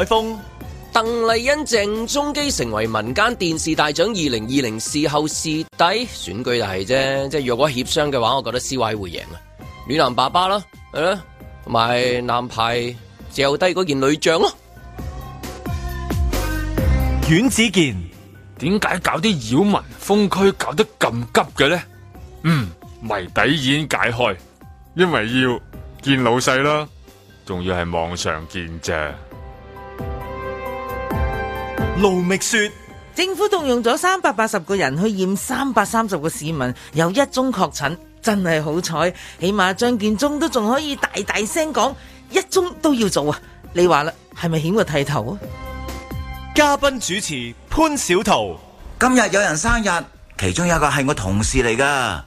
海峰、鄧麗欣、鄭中基成為民間電視大獎二零二零事後視帝選舉就係啫，即係若果協商嘅話，我覺得司委會贏啊，暖男爸爸啦，係啦，同埋男排掉低嗰件女將咯，阮子健點解搞啲擾民封區搞得咁急嘅咧？嗯，謎底已經解開，因為要見老細啦，仲要係網上見啫。盧覓雪，政府動用咗三百八十個人去驗三百三十個市民，有一宗確診，真係好彩，起碼張建宗都仲可以大大聲講一宗都要做啊！你話啦，係咪險過剃頭啊？嘉賓主持潘小桃，今日有人生日，其中一個係我同事嚟噶，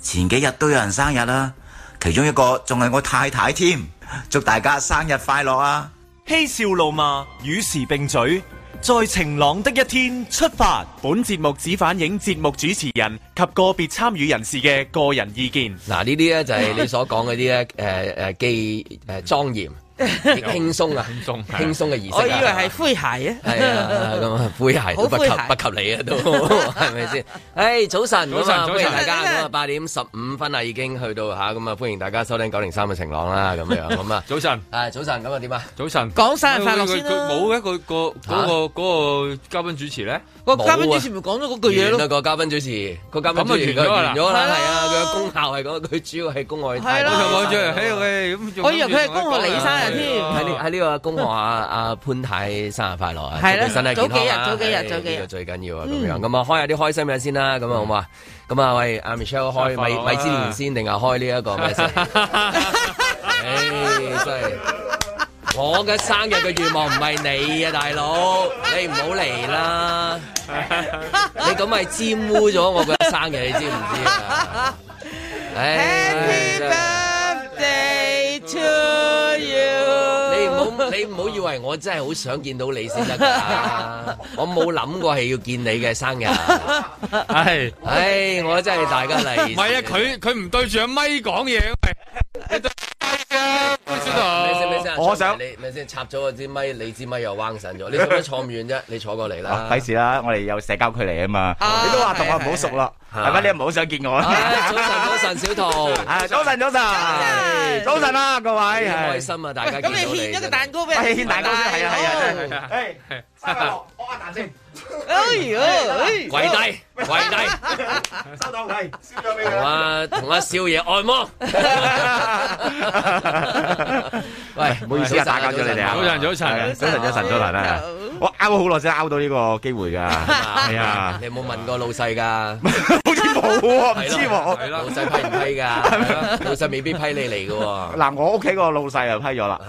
前幾日都有人生日啦，其中一個仲係我太太添，祝大家生日快樂啊！嬉笑怒罵，與時並舉。在晴朗的一天出發。本節目只反映節目主持人及個別參與人士嘅個人意見。嗱，呢啲咧就係你所講嗰啲咧，誒誒、 呃，既莊嚴。呃輕鬆啊，輕鬆嘅意思。我以為係灰鞋啊，係啊，咁啊灰鞋都不及不及你啊，都係咪先？唉，早晨，早晨，早晨大家咁啊，八點十五分啊，已經去到吓咁啊，歡迎大家收聽九零三嘅晴朗啦，咁樣咁啊，早晨，啊早晨，咁啊點啊？早晨，講生日快樂先啦。冇嘅，個個嗰個嗰個嘉賓主持咧。個嘉賓主持咪講咗句嘢咯，個嘉賓主持，佢嘉賓主持完咗啦，係啊，佢嘅功效係講，佢主要係宮外係啦，我以為佢係恭賀李生日添，喺呢喺呢個恭賀阿阿潘太生日快樂啊，身體健康啊，早幾日早幾日早幾日最緊要啊，咁樣咁啊，開下啲開心嘅先啦，咁啊好嘛？咁啊，喂，阿 Michelle 開米米芝蓮先定係開呢一個咩先？誒，真係。我嘅生日嘅願望唔係你啊，大佬，你唔好嚟啦！你咁咪玷污咗我嘅生日，你知唔知啊？Happy birthday to you。你唔好你唔好以為我真係好想見到你先得㗎，我冇諗過係要見你嘅生日。係，唉，我真係大家嚟。唔係啊，佢佢唔對住阿咪講嘢啊，你對住阿咪啊，唔知道。我想，你咪先插咗我支咪，你支咪又彎神咗。你做咩坐唔遠啫，你坐過嚟啦。費事啦，我哋有社交距離啊嘛。你都話同我唔好熟啦，係咪你唔好想見我？早晨，早晨，小唐，早晨，早晨，早晨啦，各位，開心啊，大家。咁你獻咗個蛋糕畀我？獻蛋糕先，係啊，係啊，係。誒，三個開下蛋先。哎呦，跪低，跪低，收檔係，笑到你。好啊，同阿少爺按摩。喂。唔好意思啊，打攪咗你哋啊！早晨，早晨，早晨，早晨，早晨啊！我拗咗好耐先拗到呢個機會噶，係啊！你有冇問過老細噶好似冇喎，唔知喎。係啦，老細批唔批噶老細未必批你嚟噶。嗱，我屋企個老細就批咗啦。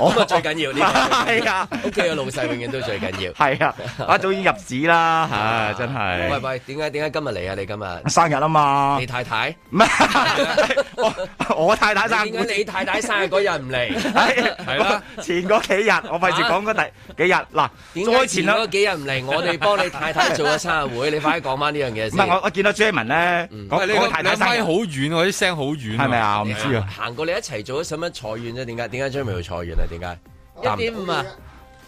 我最緊要呢個係啊！屋企個老細永遠都最緊要。係啊！我，早已入市啦，唉，真係。喂喂，點解點解今日嚟啊？你今日生日啊嘛？你太太唔係我，我太太生日。點解你太太生日嗰日唔嚟？係啦，前嗰幾日我費事講嗰第幾日嗱，再前啦，嗰幾日唔嚟，我哋幫你太太做個生日會，你快啲講翻呢樣嘢先。唔係我我見到 Jamean 咧，講講太太聲，啲麥好遠，我啲聲好遠，係咪啊？唔知啊。行過你一齊做咗什麼坐遠咧？點解點解 Jamean 要坐遠啊？點解？一點五啊？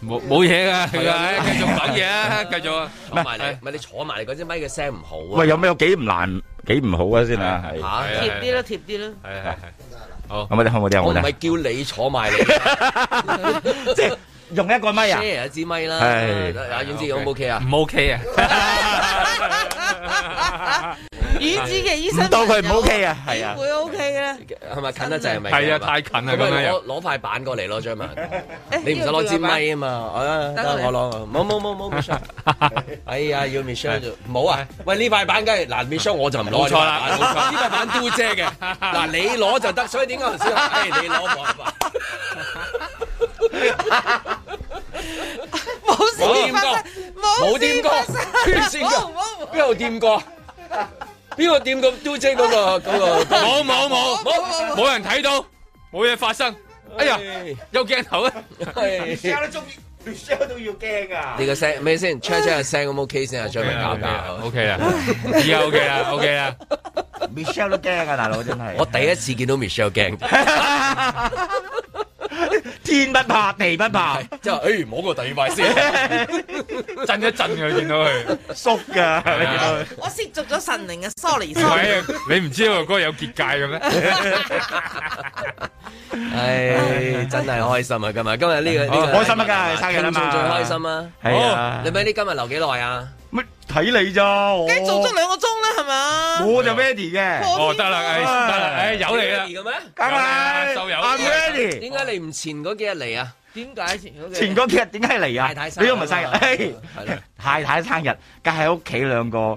冇冇嘢㗎，繼續講嘢啊！繼續啊，坐埋你，唔係你坐埋你嗰支咪嘅聲唔好啊。喂，有咩有幾唔難幾唔好啊？先啊，係貼啲啦，貼啲啦，係係係。好，冇嗲，冇冇嗲。我唔係叫你坐埋嚟，即係。用一個咪啊！一支咪啦。係。阿遠志，O 唔 O K 啊？唔 O K 啊。遠志嘅醫生當佢唔 O K 啊。係啊。會 O K 嘅。係咪近得滯？係咪？係啊！太近啦，攞塊板過嚟咯，張文。你唔使攞支咪啊嘛。得我攞。冇冇冇冇，哎呀，要唔相啫。冇啊。喂，呢塊板梗係難唔相，我就唔攞。冇錯啦。呢塊板都正嘅。嗱，你攞就得，所以點解唔少？你攞冇事發生，冇掂過，黐線噶，邊度掂過？邊個掂過？嘟姐嗰個，嗰個，冇冇冇，冇冇冇人睇到，冇嘢發生。哎呀，有鏡頭啊！Michelle 都中意，Michelle 都要驚噶。你個聲咩先？check 下個聲，咁 OK 先啊，準備打架。OK 啊，依家 OK 啊，OK 啊。Michelle 都驚啊，大佬真係。我第一次見到 Michelle 驚。天不怕地不怕，之後誒摸過第二塊先，震一震佢見到佢縮噶，我涉足咗神靈嘅 sorry。唔係啊，你唔知我哥有結界嘅咩？唉，真係開心啊！今日今日呢個呢個開心啊！生日啊嘛，最開心啊！好，你俾你今日留幾耐啊？睇你咋，我做足兩個鐘啦，係嘛？我就 ready 嘅，哦得啦，係得啦，誒有你啦，梗係就有阿 Vaddy。點解你唔前嗰幾日嚟啊？點解前嗰幾日點解嚟啊？你都唔係生日，太太生日，隔喺屋企兩個。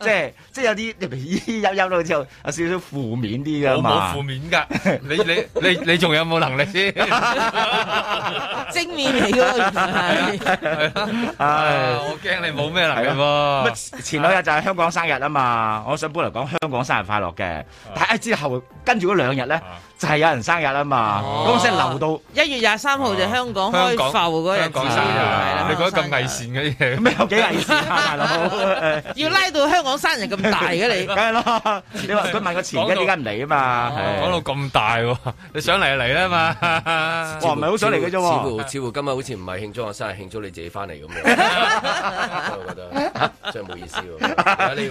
即係即係有啲啲陰陰到之後，有少少負面啲嘅，我冇負面㗎，你你你你仲有冇能力先？正面嚟㗎，唔係。係啊，我驚你冇咩能力、啊、前兩日就係香港生日啊嘛，我想本嚟講香港生日快樂嘅，但係之後跟住嗰兩日咧。就係有人生日啊嘛，嗰個聲留到一月廿三號就香港開埠嗰日子啦。你講得咁危險嘅嘢，咩有幾危險啊，大佬？要拉到香港生日咁大嘅你，梗係囉。你話佢問個錢嘅點解唔嚟啊嘛？講到咁大喎，你想嚟就嚟啦嘛？我唔係好想嚟嘅啫喎。似乎似乎今日好似唔係慶祝我生日，慶祝你自己翻嚟咁樣。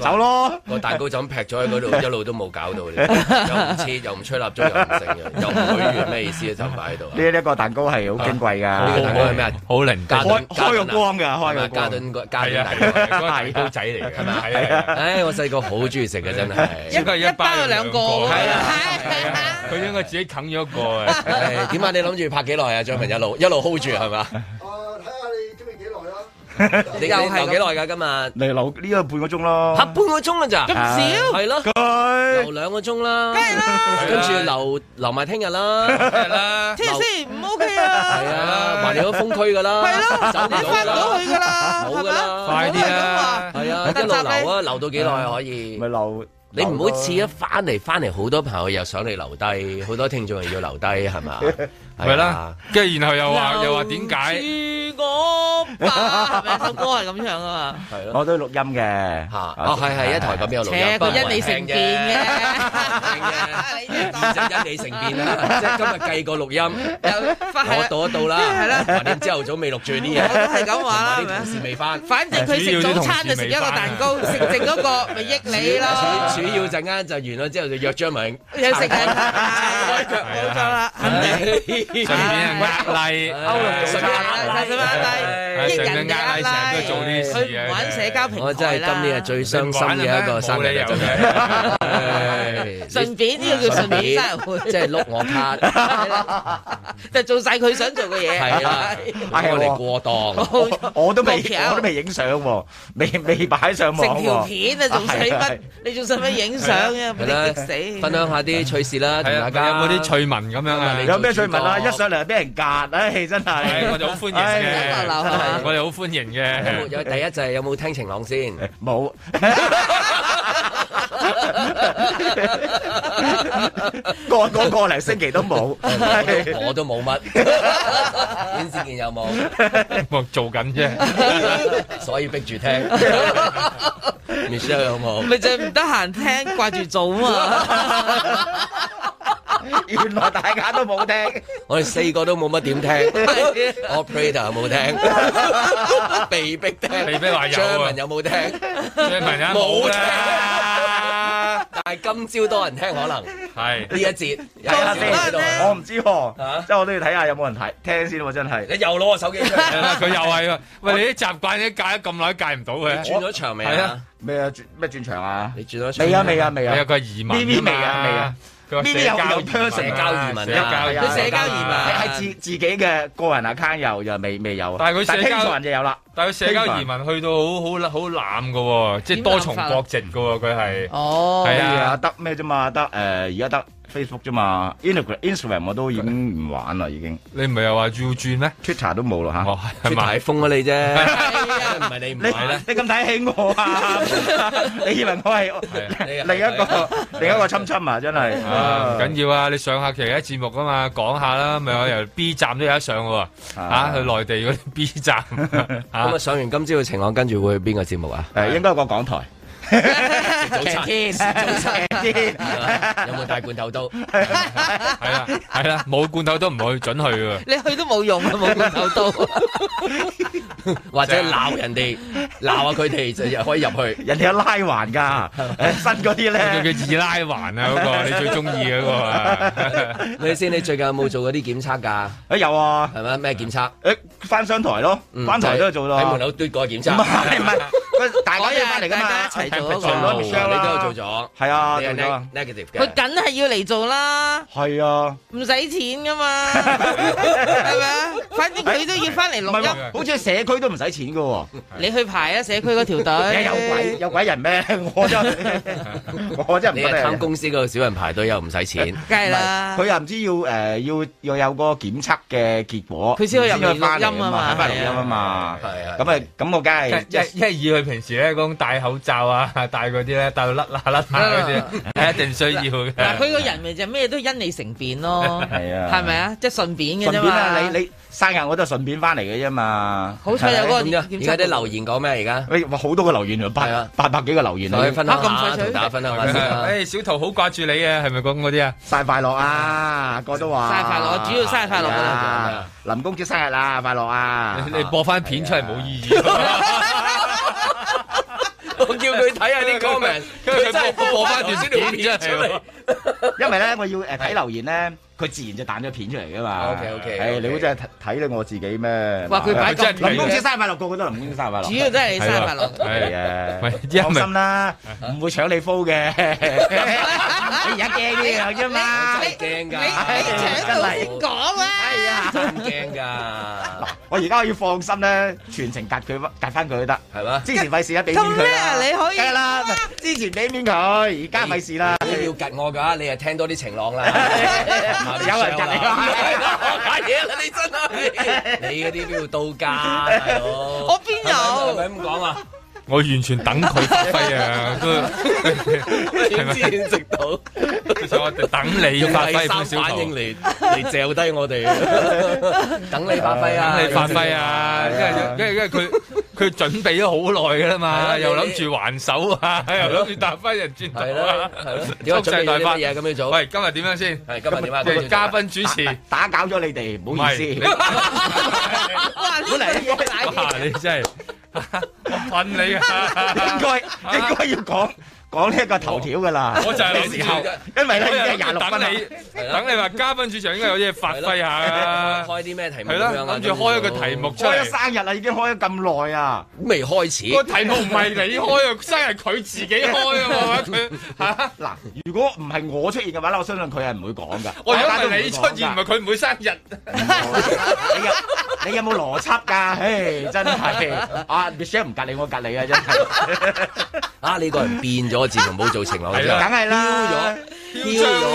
走咯！個蛋糕就咁劈咗喺嗰度，一路都冇搞到，又唔切又唔吹蠟燭，又唔成，又唔會完咩意思咧？就擺喺度。呢一個蛋糕係好矜貴㗎，呢個蛋糕係咩啊？好靈加開開光㗎，開個光。加敦加敦嚟嘅，蛋糕仔嚟㗎，係咪啊？唉，我細個好中意食㗎，真係。一個一包兩個，係啊，佢應該自己啃咗一個啊。點啊？你諗住拍幾耐啊？張明一路一路 hold 住係嘛？你又留幾耐噶今日？你留呢個半個鐘咯，吓，半個鐘啊咋？咁少係咯，留兩個鐘啦，梗係啦，跟住，留留埋聽日啦，聽日先唔 OK 啊？係啊，橫掂都封區噶啦，係咯，就你翻唔到去噶啦，冇㗎喇，快啲啊，係啊，一路留啊，留到幾耐可以？咪留，你唔好次一翻嚟，翻嚟好多朋友又想你留低，好多聽眾又要留低，係嘛？係啦，跟住然後又話又話點解？我，首歌係咁唱啊嘛。係咯。我都錄音嘅嚇。啊，係係一台咁樣錄音。二十一釐成變嘅。二十一釐成變啦。即係今日計個錄音，我度一度啦。係啦。嗱啲朝頭早未錄住啲嘢。我都係咁話。啲同事未翻。反正佢食早餐就食一個蛋糕，食剩嗰個咪益你咯。主要陣間就完咗之後就約張明。約食飯。食開腳，唔得啦。順便拉歐龍卡，順便拉億人拉，成日都做啲嘢，玩社交平台。我真係今年係最傷心嘅一個生日日。順便呢個叫順便，即係碌我卡，就做晒佢想做嘅嘢。係啊，係我哋過檔，我都未，我都未影相，未未擺上網。成條片啊，仲使乜？你仲使乜影相啊？死！分享下啲趣事啦，同大家有冇啲趣聞咁樣啊？有咩趣聞啊？一上嚟就俾人夾，唉！真係我哋好歡迎嘅，我哋好歡迎嘅。有第一就係有冇聽晴朗先？冇，個個個零星期都冇，我都冇乜。尹志健有冇？我做緊啫，所以逼住聽。Michelle 有冇？咪就係唔得閒聽，掛住做啊嘛。原來大家都冇聽，我哋四個都冇乜點聽，Operator 有冇聽？被逼聽，被逼話有啊。張文有冇聽？張文啊，冇聽。但係今朝多人聽可能係呢一節，我唔知，即係我都要睇下有冇人睇聽先喎，真係。你又攞我手機出嚟，佢又係喎。喂，你啲習慣一戒咗咁耐都戒唔到嘅。轉咗場未？係啊，未啊，轉咩轉場啊？你轉咗場未啊？未啊，未啊，未啊。佢係耳麥啊嘛？未啊，未啊。邊邊有有 social 移民？佢社交移民係係自自己嘅個人 account 有，又未未有。但係佢社交人就有啦。但係佢社交移民去到好好好濫嘅喎，哦，即係多重國籍嘅喎，佢係。哦。係啊，得咩啫嘛？得誒、啊，而家得。Facebook 啫嘛，Instagram、Instagram 我都已經唔玩啦，已經。你唔係又話轉轉咩？Twitter 都冇啦嚇，係咪封咗你啫？唔係你唔係啦，你咁睇起我啊？你以為我係另一個另一個侵侵啊？真係唔緊要啊！你上下其他節目噶嘛，講下啦，咪有由 B 站都有得上喎嚇，去內地嗰啲 B 站。咁啊，上完今朝嘅情況，跟住會去邊個節目啊？誒，應該個港台。早茶先，早茶先，有冇帶罐頭刀？係啊，係啦，冇罐頭刀唔去，准去噶。你去都冇用啊，冇罐頭刀。或者鬧人哋，鬧下佢哋就又可以入去。人哋有拉環噶，新嗰啲咧叫易拉環啊，嗰個你最中意嗰個啊。李先，你最近有冇做嗰啲檢測噶？誒有啊，係咪咩檢測？誒翻商台咯，翻台都有做咯。喺門口堆過檢測。唔係唔係，大家一齊翻嚟噶嘛。你都有做咗，係啊，negative 嘅，佢梗係要嚟做啦，係啊，唔使錢噶嘛，係咪啊？反正佢都要翻嚟錄音，好似社區都唔使錢噶，你去排啊社區嗰條隊，有鬼有鬼人咩？我真係我真係唔覺得，公司嗰個少人排隊又唔使錢，梗係啦，佢又唔知要誒要要有個檢測嘅結果，佢先可以入去錄音啊嘛，入去錄音啊嘛，係啊，咁啊咁我梗係一一以佢平時咧講戴口罩啊。係大嗰啲咧，大到甩啊甩啊嗰啲，係一定需要嘅。嗱，佢個人咪就咩都因你成變咯，係啊，係咪啊？即係順便嘅啫嘛。順便啊，你你生日我都係順便翻嚟嘅啫嘛。好彩有嗰個。而家啲留言講咩？而家。你話好多個留言啊，八百八百幾個留言啊。吓咁細場。打分啦，誒，小桃好掛住你啊，係咪講嗰啲啊？生日快樂啊，哥都話。生日快樂，主要生日快樂啊！林公子，生日喇，快樂啊！你播翻片出嚟冇意義。我叫佢睇下啲 comment，佢真係播翻條先條片出嚟。因為咧，我要誒睇留言咧，佢自然就彈咗片出嚟噶嘛。O K O K，係你好似係睇睇到我自己咩？哇！佢唔係林公子三百六，我覺得林公子三百六，主要都係你三百六。係啊，放心啦，唔會搶你 follow 嘅。你而家驚呢樣啫嘛，真驚噶！你搶嚟講啊？係啊，真驚噶！我而家我要放心咧，全程夾佢夾翻佢都得係嘛？之前費事啊，俾面佢。做咩啊？你可以啦，之前俾面佢，而家費事啦。你要夾我噶？你係聽多啲晴朗啦，聽聽 有人約你嘢啦， 哎，你真係你嗰啲都要到家，我邊有係咁講啊？哎我完全等佢發揮啊！都要先食到，就我哋等你發揮翻少少，反應嚟嚟借低我哋。等你發揮啊！等你發揮啊！因為因為因為佢佢準備咗好耐㗎啦嘛，又諗住還手啊，又諗住打翻人轉。係咯係咯，蓄勢待發嘅咁樣做。喂，今日點樣先？係今日點樣啊？嘉賓主持打攪咗你哋，唔好意思。翻少嚟啲嘢，打亂。你真係～我問你啊，應該應該要講。講呢一個頭條噶啦，我就係諗，因為咧而家廿六分，等你等你話嘉賓主場應該有啲嘢發揮下，開啲咩題目？係咯，諗住開一個題目，開咗生日啦，已經開咗咁耐啊，未開始。個題目唔係你開啊，生日佢自己開啊嘛，佢吓。嗱，如果唔係我出現嘅話，我相信佢係唔會講噶。我如果係你出現，唔係佢唔會生日。你有你有冇邏輯噶？唉，真係啊，Michelle 唔隔你，我隔你啊，真係啊，你個人變咗。我自從冇做情侶成落去啫，丟咗。囂張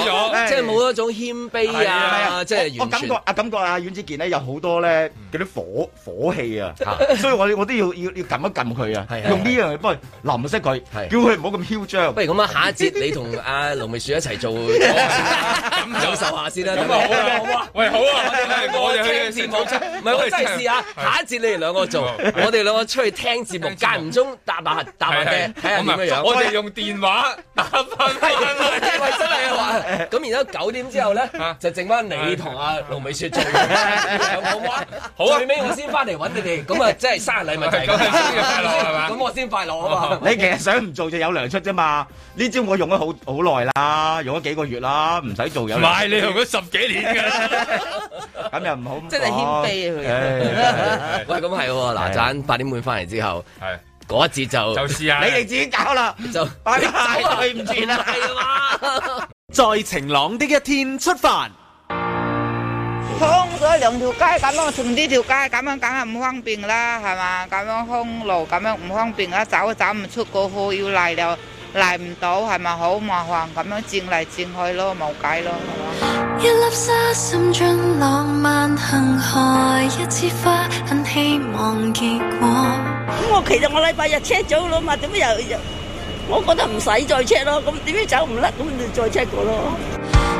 咗，即係冇一種謙卑啊！係啊，即係我感覺啊，感覺啊，阮子健咧有好多咧嗰啲火火氣啊，所以我我都要要要撳一撳佢啊，用呢樣嚟幫佢淋濕佢，叫佢唔好咁囂張。不如咁啊，下一節你同阿龍美雪一齊做，感受下先啦。咁啊好啊，喂好啊，我哋聽節目啫，唔係真係試下。下一節你哋兩個做，我哋兩個出去聽節目，間唔中打下打下機，咁樣我哋用電話打翻。嚟啊！咁然之後九點之後咧，就剩翻你同阿盧美雪做。好啊，最尾我先翻嚟揾你哋，咁啊，即係生日禮物就係咁先快樂係嘛？咁我先快樂啊嘛！你其實想唔做就有糧出啫嘛？呢招我用咗好好耐啦，用咗幾個月啦，唔使做嘢。唔係你用咗十幾年噶啦，咁又唔好，即係謙卑佢。喂，咁係嗱盞八點半翻嚟之後。嗰一節就，就是是你哋自己搞啦，就快啲對唔住啦，係嘛？在 晴朗啲嘅一天出發，通咗兩條街咁咯，從呢條街咁樣梗係唔方便啦，係嘛？咁樣空路，咁樣唔方便啦，走都走唔出，過後要嚟了。嚟唔到，係咪好麻煩？咁樣轉嚟轉去咯，冇計咯，係果。咁我其實我禮拜日 check 咗咯嘛，點解又又？我覺得唔使再 check 咯，咁點解走唔甩？咁你再 check 過咯。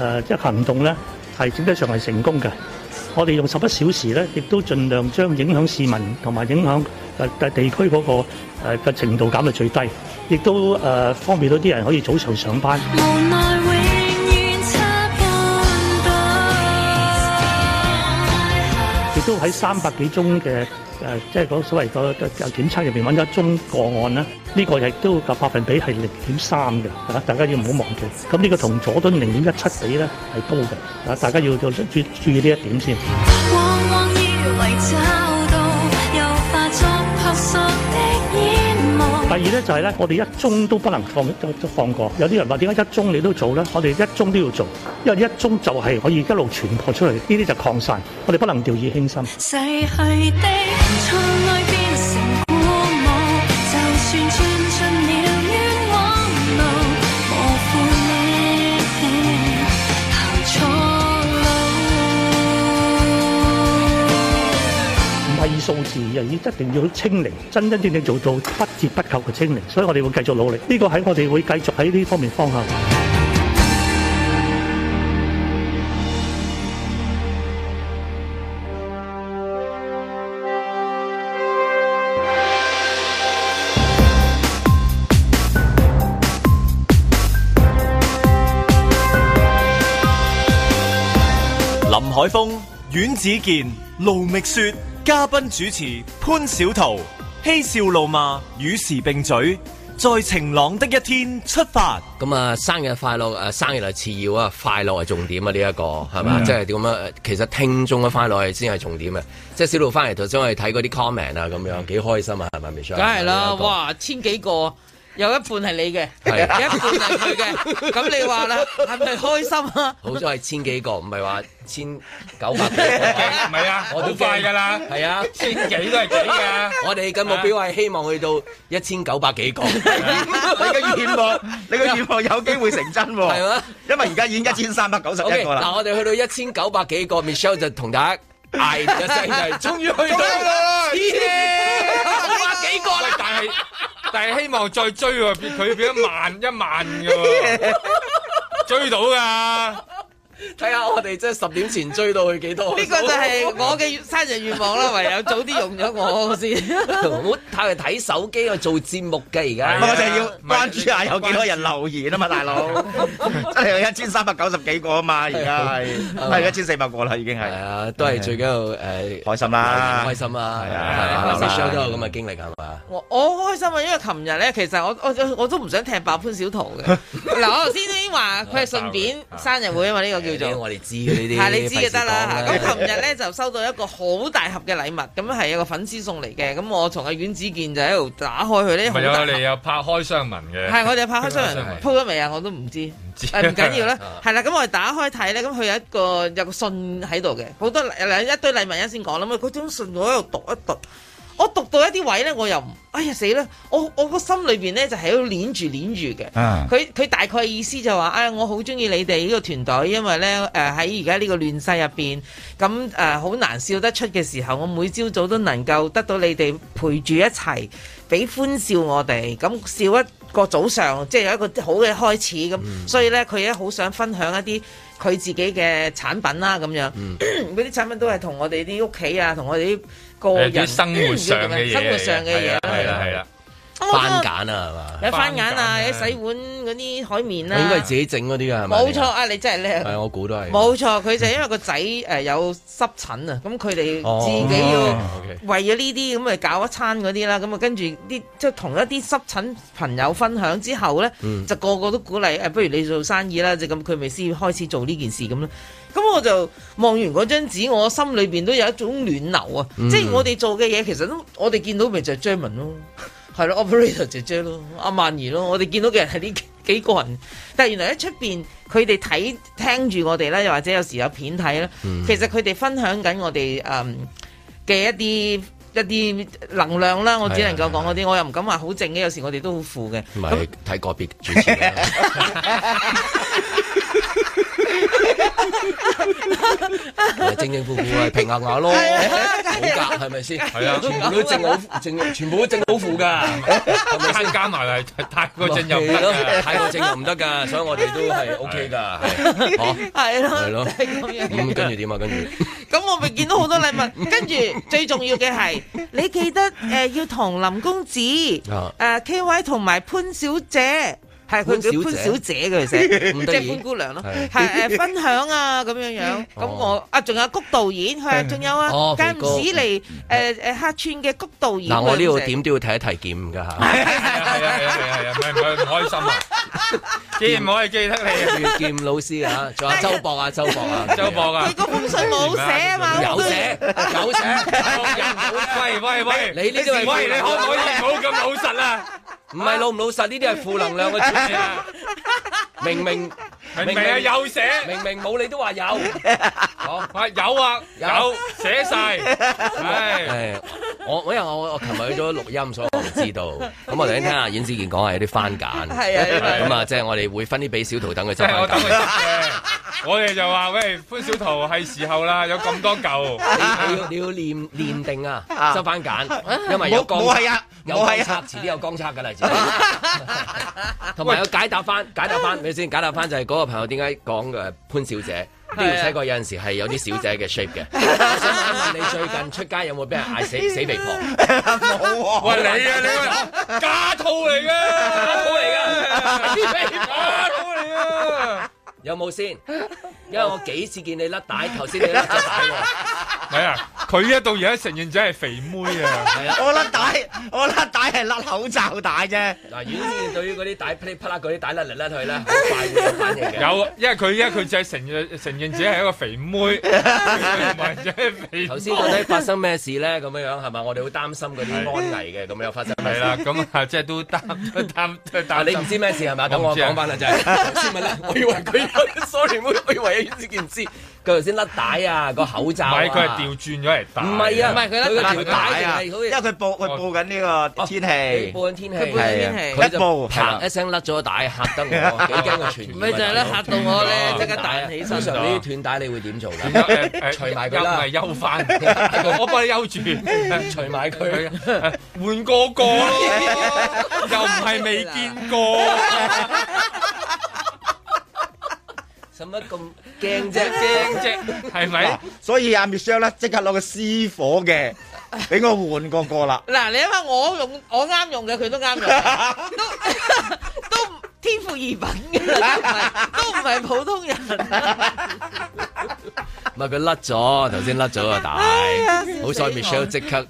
誒即行動咧係整體上係成功嘅，我哋用十一小時咧，亦都盡量將影響市民同埋影響誒地區嗰個誒嘅程度減到最低，亦都誒方便到啲人可以早上上班，亦都喺三百幾宗嘅。誒，即係講所謂個檢測入邊揾咗一個個案啦，呢、呢個亦都個百分比係零點三嘅，嚇大家要唔好忘記。咁呢個同佐敦零點一七比咧係高嘅，啊大家要要注注意呢一點先。 第二呢就係呢，我哋一宗都不能放放過。有啲人話點解一宗你都做呢？我哋一宗都要做，因為一宗就係可以一路傳播出去。呢啲就是擴散，我哋不能掉以輕心。逝去的。從來字又要一定要清零，真真正正做到不折不扣嘅清零，所以我哋會繼續努力。呢個喺我哋會繼續喺呢方面方向。林海峰、阮子健、盧覓雪。嘉賓主持潘小桃，嬉笑怒罵，與時並嘴，在晴朗的一天出發。咁啊，生日快樂！誒，生日係次要啊，快樂係重點啊，呢、這、一個係嘛？嗯、即係點樣？其實聽眾嘅快樂先係重點啊。即係小桃翻嚟頭先，我哋睇嗰啲 comment 啊，咁樣幾開心啊，係咪？微信梗係啦，這個、哇，千幾個。有有一半係你嘅，有一半係佢嘅，咁你話啦，係咪開心啊？好彩係千幾個，唔係話千九百幾個，唔係啊，我都快㗎啦，係啊，千幾都係幾㗎。我哋嘅目標係希望去到一千九百幾個，你嘅願望，你嘅願望有機會成真喎，係嘛？因為而家已經一千三百九十個啦。嗱，我哋去到一千九百幾個，Michelle 就同大家嗌咗四年，終於去到千幾個啦，但係。但係希望再追喎，佢俾一萬一萬嘅，追到㗎。睇下我哋即係十點前追到去幾多？呢個就係我嘅生日願望啦，唯有早啲用咗我先。我太去睇手機，去做節目嘅而家。我就要關注下有幾多人留言啊嘛，大佬，真係有一千三百九十幾個啊嘛，而家係咪一千四百個啦已經係。係啊，都係最緊要誒，開心啦，開心啦，係啊，分享咗有咁嘅經歷係嘛？我我好開心啊，因為琴日咧其實我我我都唔想踢爆潘小桃嘅。嗱，我頭先已經話佢係順便生日會啊嘛，呢個叫。我哋知嘅呢啲，係你知就得啦。咁琴日咧就收到一個好大盒嘅禮物，咁係一個粉絲送嚟嘅。咁我同阿阮子健就喺度打開佢呢。係我哋有拍開箱文嘅。係我哋拍開箱文，鋪咗未啊？我都唔知。唔知。唔緊要啦。係啦，咁我哋打開睇咧，咁佢有一個有個信喺度嘅，好多嗱，一堆禮物一先講啦嘛。嗰張信我喺度讀一讀。我讀到一啲位呢，我又哎呀死啦！我我個心裏邊呢，就係喺度攣住攣住嘅。佢佢大概意思就話：哎呀，我好中、啊、意、哎、你哋呢個團隊，因為呢，誒喺而家呢個亂世入邊，咁誒好難笑得出嘅時候，我每朝早都能夠得到你哋陪住一齊，俾歡笑我哋。咁笑一個早上，即係有一個好嘅開始。咁、嗯、所以呢，佢一好想分享一啲佢自己嘅產品啦，咁樣嗰啲、嗯、 產品都係同我哋啲屋企啊，同我哋啲。生活上嘅嘢，生活上嘅嘢啦，係啦係啦，翻揀啊嘛，有翻揀啊，有洗碗嗰啲海綿啦、啊，應該係自己整嗰啲啊，係咪錯？冇錯啊，你真係叻，係、哎、我估都係。冇錯，佢就係因為個仔誒有濕疹啊，咁佢哋自己要為咗呢啲咁咪搞一餐嗰啲啦，咁啊跟住啲即係同一啲濕疹朋友分享之後咧，嗯、就個個都鼓勵誒，不如你做生意啦，就咁佢咪先開始做呢件事咁囉。咁我就望完嗰張紙，我心裏邊都有一種暖流啊！嗯、即係我哋做嘅嘢，其實都我哋見到咪就係 Jerman 咯，係咯，Operator 姐姐咯，阿曼儀咯，我哋見到嘅人係呢幾，幾個人，但係原來喺出邊佢哋睇聽住我哋啦，又或者有時有片睇啦。嗯、其實佢哋分享緊我哋誒嘅一啲一啲能量啦，我只能夠講嗰啲，我又唔敢話好正嘅，有時我哋都好富嘅，唔係睇個別主持。 正正負負係平衡下咯，好噶係咪先？係啊，全部都正好正，全部都正好負噶，咁樣加埋嚟太過正又唔得，太過正又唔得噶，所以我哋都係 OK 噶，係哦，係咯，係咯，咁跟住點啊？跟住，咁我咪見到好多禮物，跟住最重要嘅係你記得誒，要同林公子、誒 K Y 同埋潘小姐。係佢叫潘小姐佢寫，即係潘姑娘咯。係誒分享啊咁樣樣，咁我啊仲有谷導演，佢啊仲有啊間唔時嚟，誒誒客串嘅谷導演。嗱我呢度點都要提一提劍五噶吓，係啊係啊係啊係啊，唔係唔開心啊，既然唔可以記得你劍五老師啊，仲有周博啊周博啊周博啊，你個封信冇寫啊嘛？有寫有寫，喂喂喂，你呢位喂，你可唔可以唔好咁老實啊？唔係老唔老實呢啲係負能量嘅詞啊！明明明明有寫，明明冇你都話有，哦，有啊，有寫晒。唉，我因為我我琴日去咗錄音，所以我唔知道。咁我頭先聽阿尹志健講係有啲翻揀，係啊。咁啊，即係我哋會分啲俾小圖等佢執翻。即係我等佢執嘅。我哋就話喂，潘小圖係時候啦，有咁多舊，你要你要練練定啊，執翻揀，因為有鋼，係啊，有鋼叉，遲啲有鋼叉噶啦。同埋 有解答翻，解答翻，你先解答翻就係嗰個朋友點解講嘅潘小姐呢？ 條西國有陣時係有啲小姐嘅 shape 嘅。 我想問問你最近出街有冇俾人嗌死死肥婆？ 啊、喂你啊，你係、啊、假套嚟嘅，假套嚟嘅，肥套嚟嘅。有冇先？因為我幾次見你甩帶，頭先你甩帶喎。係啊，佢一度而家承認自己係肥妹啊。係啊，我甩帶，我甩帶係甩口罩帶啫。嗱，如果對於嗰啲帶，噼里啪啦嗰啲帶甩嚟甩去咧，好快會有反應嘅。有啊，因為佢而家佢就係承認承認自己係一個肥妹。頭先到底發生咩事咧？咁樣樣係嘛？我哋好擔心嗰啲安危嘅。咁有發生係啦，咁啊即係都擔擔。但你唔知咩事係咪？等我講翻啦就係。唔係啦，我以為佢。Sorry，我以為呢件事，佢頭先甩帶啊，個口罩。唔係，佢係調轉咗嚟帶。唔係啊，唔係佢甩條帶啊，因為佢報佢報緊呢個天氣。報緊天氣係，佢就啪一聲甩咗個帶，吓得我幾驚啊！全唔係就係咧吓到我咧，即刻帶起身。通常呢啲斷帶你會點做噶？除埋佢啦，咪休翻。我幫你休住，除埋佢，換個角咯，又唔係未見過。做乜咁驚啫？驚啫，係咪？所以阿 Michelle 咧，即刻攞個私夥嘅俾我換個過啦。嗱，你諗下我用，我啱用嘅，佢都啱用，都都天賦異稟嘅，都唔係都唔係普通人。唔係佢甩咗頭先甩咗個大！好彩，Michelle 即刻。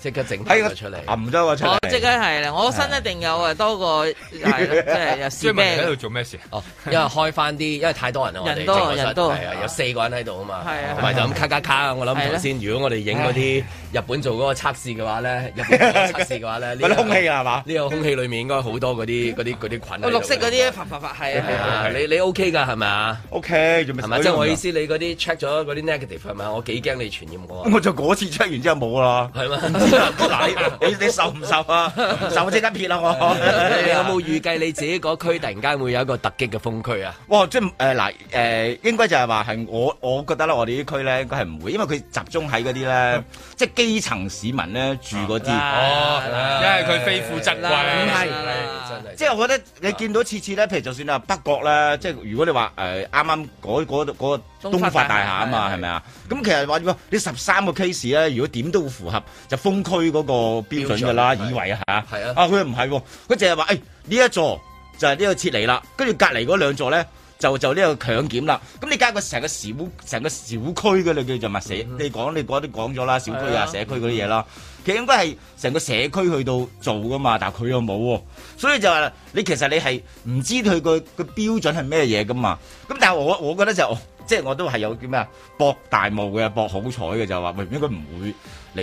即刻整埋出嚟，揞咗個出嚟。我即刻係啦，我身一定有啊多個。你喺度做咩事？哦，因為開翻啲，因為太多人啦，我哋。人多，人多。係啊，有四個人喺度啊嘛。係啊。唔係就咁卡卡卡。我諗頭先，如果我哋影嗰啲日本做嗰個測試嘅話咧，日本測試嘅話咧，呢個空氣啊係嘛？呢個空氣裡面應該好多嗰啲嗰啲嗰啲菌啊。綠色嗰啲發發發係啊！你你 OK 㗎係咪啊？OK。係咪即係我意思？你嗰啲 check 咗嗰啲 negative 係咪？我幾驚你傳染我。我就嗰次 check 完之後冇啦。係嘛？嗱， 你你受唔受啊？受即刻撇啦！我 你有冇預計你自己嗰區突然間會有一個突擊嘅風區啊？哇、哦！即係誒嗱誒，應該就係話係我我覺得啦，我哋啲區咧應該係唔會，因為佢集中喺嗰啲咧， 即係基層市民咧住嗰啲，因為佢非富則貴啦，真係，即係我覺得你見到次次咧，譬如就算啊北角咧，即係如果你話誒啱啱改嗰嗰個東發大廈啊嘛，係咪啊？咁其實話你十三個 case 咧，如果點都會符合就風。區嗰個標準噶啦，準以為的啊，係啊，啊佢唔係，佢淨係話，誒呢一座就係呢就就個撤離啦，跟住隔籬嗰兩座咧就就呢個強檢啦。咁你加個成個小成個小區噶，你叫做物社。你講你嗰啲講咗啦，小區啊的社區嗰啲嘢啦，其實應該係成個社區去到做噶嘛。但係佢又冇、啊，所以就話你其實你係唔知佢個個標準係咩嘢噶嘛。咁但係我我覺得就是。哦即係我都係有叫咩啊？博大霧嘅，博好彩嘅就話，喂，應該唔會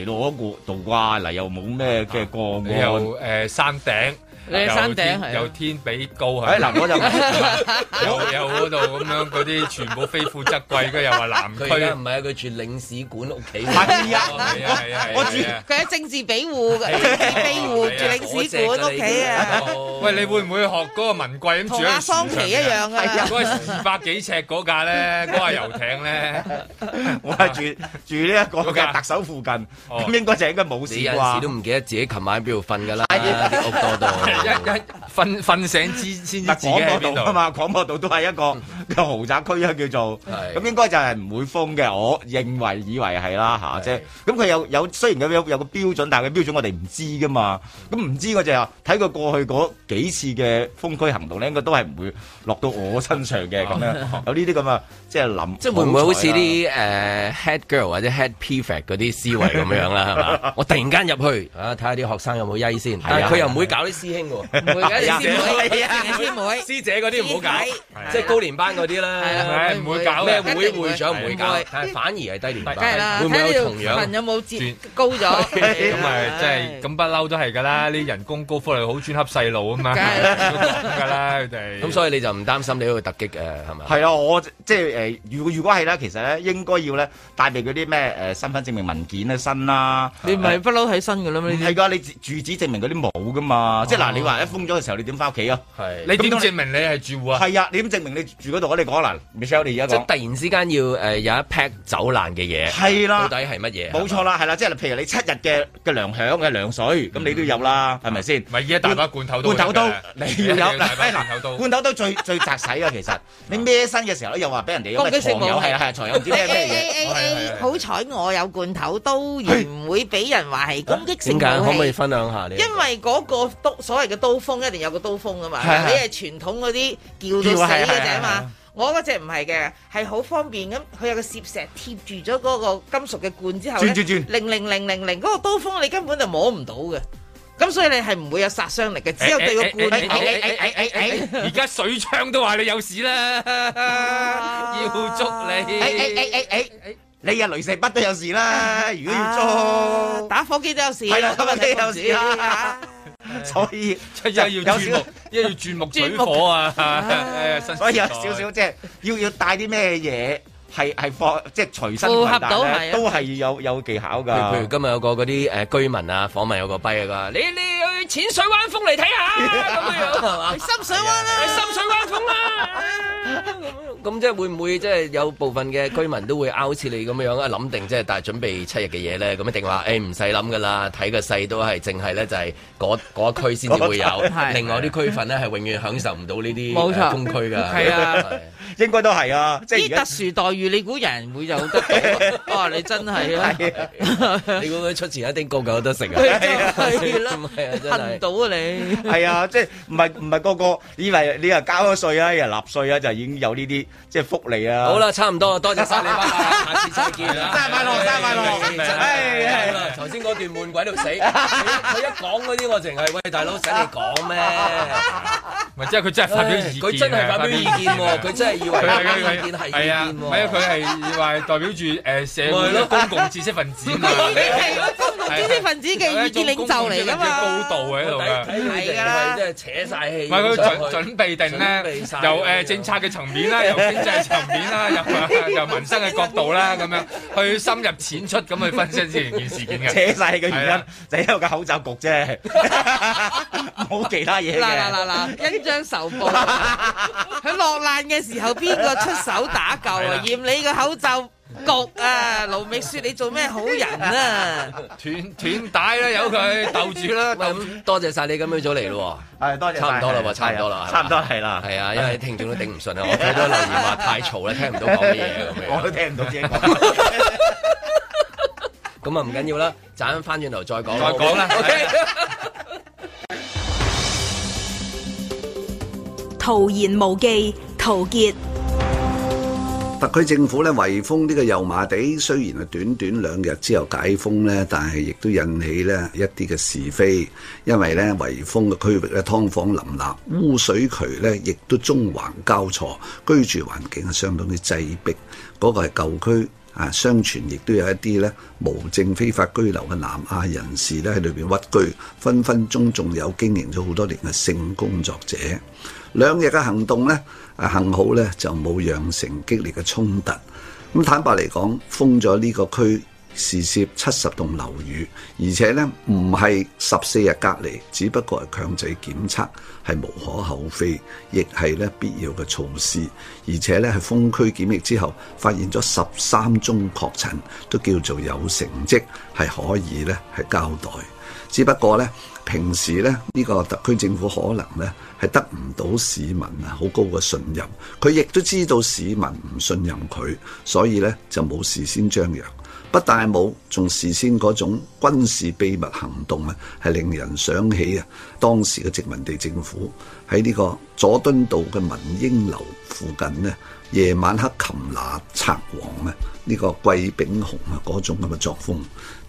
嚟到嗰個度啩，嚟又冇咩嘅過過，又誒山頂。你喺山頂係由天比高係嗱，我就又又嗰度咁樣，嗰啲全部非富則貴，而家又話南區唔係啊？佢住領事館屋企係啊，係啊，我住佢喺政治庇護嘅政治庇護住領事館屋企啊！喂，你會唔會學嗰個文貴咁住喺？同阿桑奇一樣啊！嗰個二百幾尺嗰架咧，嗰架遊艇咧，我係住住呢一個架特首附近，咁應該就應該冇事啩？你有時都唔記得自己琴晚喺邊度瞓㗎啦？喺啲屋多度。 一一瞓瞓醒之先，廣播道啊嘛，廣播道都係一個 豪宅區啊，叫做咁 應該就係唔會封嘅。我認為以為係啦吓，即、啊、啫。咁佢 有有雖然有有有個標準，但係個標準我哋唔知㗎嘛。咁唔知我就睇、係、佢過去嗰幾次嘅封區行動咧，應該都係唔會落到我身上嘅咁樣。 有呢啲咁啊～即係諗，即係會唔會好似啲誒 head girl 或者 head prefect 嗰啲思維咁樣啦？係嘛？我突然間入去啊，睇下啲學生有冇曳先。佢又唔會搞啲師兄喎，唔會啊師妹，師妹師姐嗰啲唔好搞，即係高年班嗰啲啦，唔會搞咩會會長唔會搞，反而係低年班。梗係啦，會唔會有同樣有冇轉高咗？咁咪即係咁不嬲都係㗎啦！啲人工高，福利好，專吸細路啊嘛，梗係啦佢哋。咁所以你就唔擔心你會突擊嘅係咪？係啊，我即係。誒，如如果係咧，其實咧應該要咧帶備嗰啲咩誒身份證明文件啊、身啦。你唔係不嬲喺身嘅啦咩？係㗎，你住址證明嗰啲冇㗎嘛。即嗱，你話一封咗嘅時候，你點翻屋企啊？你點證明你係住戶啊？係啊，你點證明你住嗰度？你哋講啦，Michelle，你而家講。即突然之間要誒有一批走難嘅嘢，係啦，到底係乜嘢？冇錯啦，係啦，即係譬如你七日嘅嘅糧餉嘅糧水，咁你都有啦，係咪先？咪依家大把罐頭刀。罐頭刀，你要有。大把罐頭刀。罐頭刀最最實使啊！其實你孭身嘅時候又話俾人攻擊性武器係啊係啊，藏有啲咩嚟嘅？好彩我有罐頭，都唔會俾人話係攻擊性武器。可唔可以分享下呢？因為嗰個刀，所謂嘅刀鋒一定有個刀鋒噶嘛。你係傳統嗰啲叫到死嘅隻嘛，我嗰隻唔係嘅，係好方便。咁佢有個攝石貼住咗嗰個金屬嘅罐之後咧，零零零零零，嗰個刀鋒你根本就摸唔到嘅。咁所以你係唔會有殺傷力嘅，只有對個固體。而家水槍都話你有事啦，要捉你。誒誒誒誒誒，你啊雷射筆都有事啦，如果要捉打火機都有事，係啦打火機有事啦，所以即係要有少，一要鑽木取火啊，所以有少少即係要要帶啲咩嘢。係係放即係隨身符合咧，都係有有技巧噶。譬如今日有個嗰啲誒居民啊，訪問有個跛啊，佢話：你你去淺水灣風嚟睇下，咁樣樣啊，去深水灣啦，去深水灣風啦。咁咁即係會唔會即係有部分嘅居民都會啱好似你咁樣啊？諗定即係，但係準備七日嘅嘢咧，咁一定話誒唔使諗噶啦，睇個勢都係淨係咧，就係嗰嗰一區先至會有，另外啲區份咧係永遠享受唔到呢啲，冇錯，公區噶。係啊，應該都係啊，即係特殊待遇。如你估人會有得？我話你真係啊！你估佢出錢一定個個有得食啊？係咯，吞唔到啊你！係啊，即係唔係唔係個個以為你又交咗稅啊，又納稅啊就已經有呢啲即係福利啊？好啦，差唔多，多謝曬你，下次再見啦！拜拜，拜拜，係。頭先嗰段悶鬼到死，佢一講嗰啲我淨係喂大佬使你講咩？唔係，即係佢真係發表意見，佢真係發表意見喎！佢真係以為佢意見係意見喎。佢係話代表住誒社會公共知識分子啊！你係咯，公共知識分子嘅意見領袖嚟㗎嘛？一種高度喺度㗎，係啊，真係扯曬氣。唔係佢準準備定咧，由誒政策嘅層面啦，由經濟層面啦，又又民生嘅角度啦，咁樣去深入淺出咁去分析呢件事件嘅。扯曬氣嘅原因就係喺度搞口罩局啫，冇其他嘢。嗱嗱嗱嗱，一張手報，佢落難嘅時候，邊個出手打救啊？要你個口罩焗啊！盧覓雪，你做咩好人啊？斷斷帶啦，由佢斗住啦，咁多謝晒你咁樣早嚟咯，係多謝。差唔多啦，差唔多啦，差唔多係啦，係啊，因為聽眾都頂唔順啊，我睇到留言話太嘈咧，聽唔到講乜嘢咁樣，我都聽唔到嘅。咁啊，唔緊要啦，盞翻轉頭再講，再講啦。OK。陶言無忌，陶傑。特區政府咧圍封呢個油麻地，雖然係短短兩日之後解封咧，但係亦都引起咧一啲嘅是非，因為咧圍封嘅區域咧，劏房林立，污水渠咧亦都縱橫交錯，居住環境係相當之擠迫。嗰、那個係舊區啊，相傳亦都有一啲咧無證非法居留嘅南亞人士咧喺裏邊屈居，分分鐘仲有經營咗好多年嘅性工作者。兩日嘅行動咧，啊，幸好咧就冇釀成激烈嘅衝突。咁坦白嚟講，封咗呢個區，事涉七十棟樓宇，而且咧唔係十四日隔離，只不過係強制檢測，係無可厚非，亦係咧必要嘅措施。而且咧係封區檢疫之後，發現咗十三宗確診，都叫做有成績，係可以咧係交代。只不過咧，平時咧呢個特區政府可能咧。係得唔到市民啊好高嘅信任，佢亦都知道市民唔信任佢，所以咧就冇事先張揚，不但冇仲事先嗰種軍事秘密行動啊，係令人想起啊當時嘅殖民地政府喺呢個佐敦道嘅民英樓附近呢夜晚黑擒拿賊王啊，呢個桂炳雄啊嗰種咁嘅作風，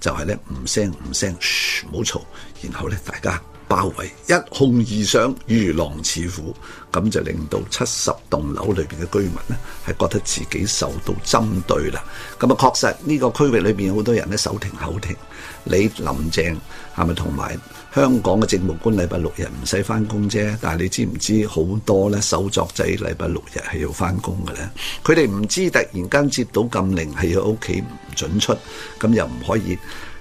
就係咧唔聲唔聲，唔好嘈，然後咧大家。包圍一哄而上如狼似虎，咁就令到七十棟樓裏邊嘅居民呢，係覺得自己受到針對啦。咁啊，確實呢個區域裏邊好多人咧，手停口停。你林鄭係咪同埋香港嘅政務官？禮拜六日唔使翻工啫，但係你知唔知好多咧手作仔禮拜六日係要翻工嘅咧？佢哋唔知突然間接到禁令係要屋企唔準出，咁又唔可以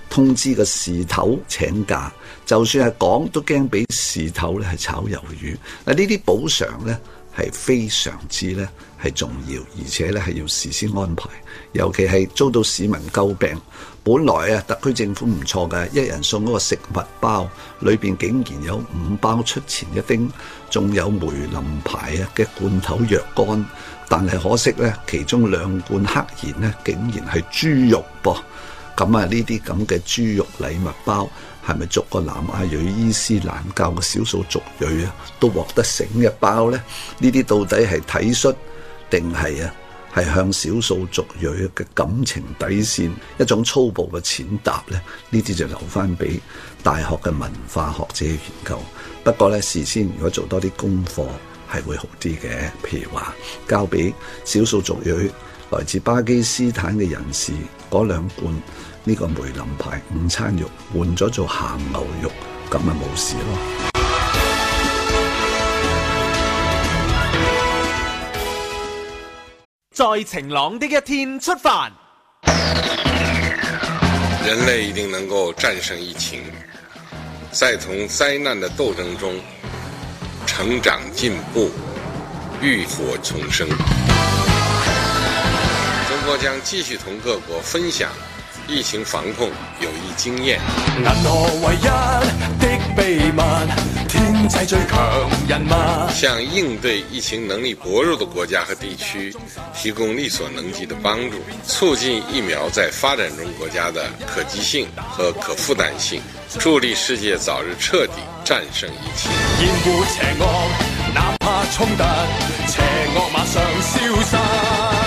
通知個事頭請假。就算係講都驚俾事頭咧係炒魷魚嗱，呢啲補償咧係非常之咧係重要，而且咧係要事先安排。尤其係遭到市民詬病，本來啊特區政府唔錯嘅，一人送嗰個食物包，裏邊竟然有五包出前一丁，仲有梅林牌啊嘅罐頭藥乾，但係可惜咧，其中兩罐黑鹽呢竟然係豬肉噃。咁啊，呢啲咁嘅豬肉禮物包。係咪逐個南亞裔伊斯蘭教嘅少數族裔啊，都獲得醒一包呢？呢啲到底係體恤定係啊？係向少數族裔嘅感情底線一種粗暴嘅踐踏呢？呢啲就留翻俾大學嘅文化學者研究。不過呢，事先如果做多啲功課，係會好啲嘅。譬如話，交俾少數族裔來自巴基斯坦嘅人士嗰兩罐。呢個梅林牌午餐肉換咗做鹹牛肉，咁咪冇事咯。在晴朗的一天出發。人類一定能夠戰勝疫情，在同災難的鬥爭中成長進步，浴火重生。中國將繼續同各國分享。疫情防控有益經驗，向應對疫情能力薄弱的國家和地區，提供力所能及的幫助，促進疫苗在發展中國家的可及性和可負擔性，助力世界早日徹底戰勝疫情。邪惡哪怕衝突，邪惡馬上消失。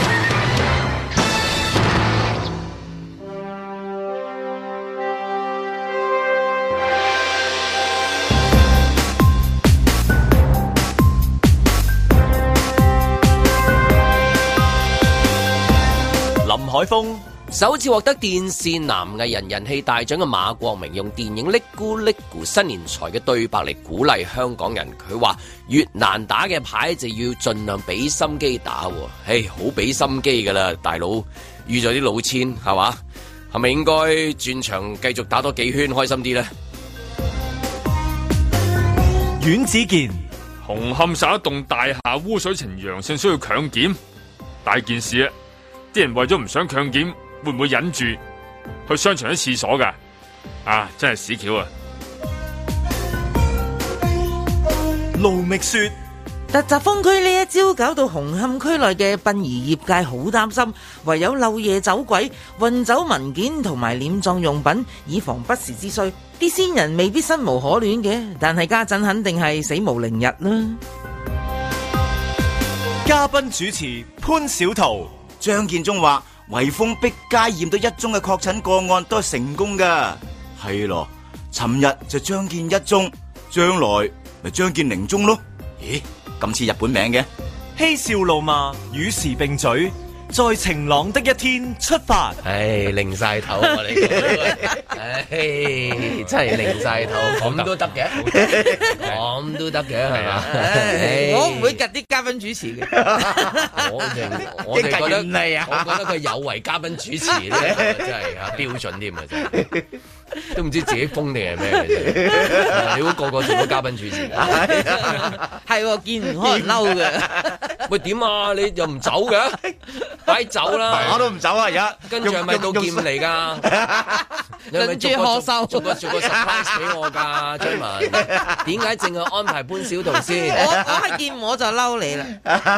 海峰首次獲得電視男藝人人氣大獎嘅馬國明，用電影《嚦咕嚦咕新年財》嘅對白嚟鼓勵香港人。佢話越難打嘅牌就要盡量俾心機打。唉，好俾心機噶啦，大佬遇咗啲老千係嘛？係咪應該轉場繼續打多幾圈開心啲呢？阮子健，紅磡十一棟大廈污水呈陽性，需要強檢，大件事啊！啲人為咗唔想強檢，會唔會忍住去商場喺廁所噶？啊，真係屎橋啊！盧覓雪，特襲封區呢一招搞到紅磡區內嘅殯儀業界好擔心，唯有漏夜走鬼運走文件同埋殮葬用品，以防不時之需。啲先人未必身無可戀嘅，但係家陣肯定係死無寧日啦。嘉賓主持潘小桃。張建宗話：圍封逼街驗到一宗嘅確診個案都係成功嘅。係咯，尋日就張建一宗，將來咪張建零宗咯。咦，咁似日本名嘅？嬉笑怒罵，與時並嘴。在晴朗的一天出發，唉、哎，擰晒頭我、啊、哋，唉、哎，真係擰晒頭，咁、哦、都得嘅，咁、啊、都得嘅係嘛？我唔會揀啲嘉賓主持嘅，我哋我哋覺得唔係啊，我覺得佢有為嘉賓主持咧，真係啊標準添嘅真。真都唔知自己封你係咩，你估個個做咗嘉賓主持？係啊，見唔開嬲嘅。喂，點啊？你又唔走㗎？快走啦！我都唔走啊！而家跟住係咪到劍嚟㗎？跟住開收，做個做個實拍俾我㗎，張文。點解淨係安排搬小圖先？我我係見我就嬲你啦，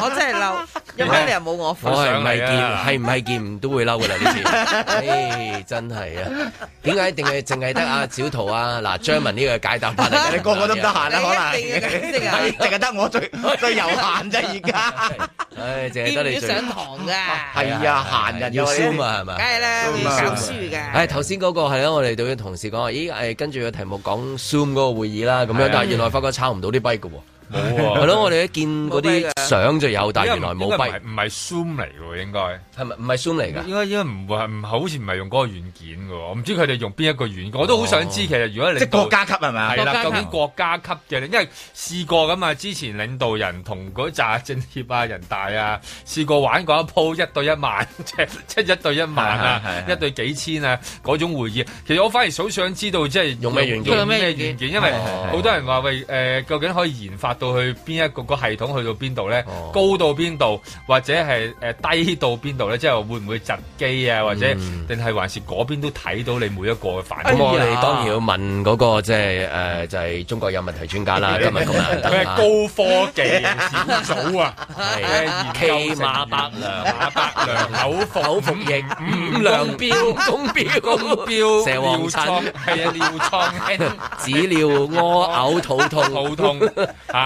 我真係嬲。有咩理由冇我份？我係唔係劍？係唔係劍都會嬲㗎啦！呢次，真係啊！點解一定係？淨係 得阿小桃啊，嗱，張文呢個解答法嚟嘅，你個個都唔得閒啦，可能淨係 得我最 最有閒啫，而 家、哎。唉，淨係得你上堂啫。係、哎、 啊，閒人要 zoom、um、啊，係咪？梗係啦，要輸輸嘅。唉、那個，頭先嗰個係咯，我哋對啲同事講，咦，誒、哎，跟住個題目講 zoom 嗰個會議啦，咁樣， 但係原來發覺抄唔到啲碑嘅。係咯， 我哋一見嗰啲相就有，但係原來冇唔係 Zoom 嚟嘅喎，應該係咪唔係 Zoom 嚟㗎？應該應該唔會，唔好似唔係用嗰個軟件嘅喎。我唔知佢哋用邊一個軟件，哦、我都好想知。其實如果你即係國家級係咪？係啦，究竟國家級嘅，因為試過㗎嘛。之前領導人同嗰紮政協啊、人大啊，試過玩過一鋪一對一萬，即係即係一對一萬啊，是是是是一對幾千啊嗰種會議。是是是其實我反而好想知道，即係用咩軟件？咩軟件？因為好多人話喂誒，究竟可以研發？到去邊一個個系統，去到邊度咧？高到邊度，或者係誒低到邊度咧？即係會唔會窒機啊？或者定係還是嗰邊都睇到你每一個嘅反應？咁我哋當然要問嗰個即係誒就係中國有問題專家啦，今日咁啊！佢係高科技嘅小組啊！騎馬百良，馬百良口服液五量標，金標蛇王親，係啊！尿瘡，係啊！止尿屙，嘔肚痛，痛啊！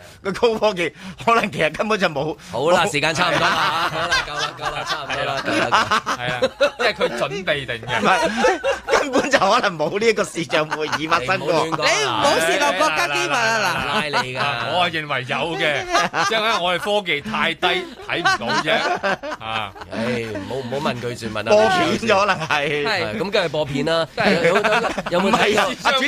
個高科技可能其實根本就冇。好啦，時間差唔多啦吓。好啦，夠啦，夠啦，差唔多啦，得啦，係啊。即係佢準備定嘅，根本就可能冇呢一個視像會議發生過。你唔好洩露國家機密啊！嗱，拉你㗎，我係認為有嘅，即係我哋科技太低睇唔到啫。啊，唉，唔好唔好問佢傳聞。播片咗啦，係。咁梗係播片啦。唔係有冇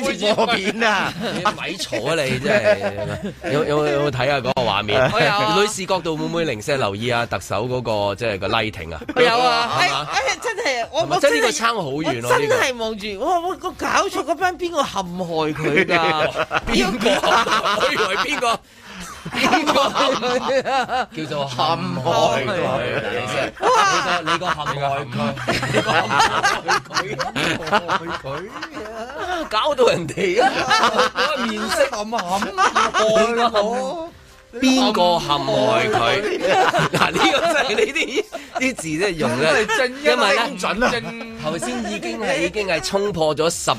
主持播片啊？咪坐你真係，有有。有冇睇下嗰個畫面？ 啊、女士角度會唔會零舍留意啊？特首嗰、那個即係、就是、個 lighting 啊！ 有啊，係吧、哎哎，真係我， 我真呢 個差好遠咯、啊。真係望住，哇、這個！我我搞錯嗰班 邊個陷害佢㗎、啊？邊個？ 我以為邊個？叫做陷害佢，你個你個陷害佢，你個陷害佢，佢 搞到人哋 他 啊！面色冚陷害我，邊個陷害佢？嗱，呢個真係你啲啲字真係用得，因為準，頭先已經係已經係衝破咗十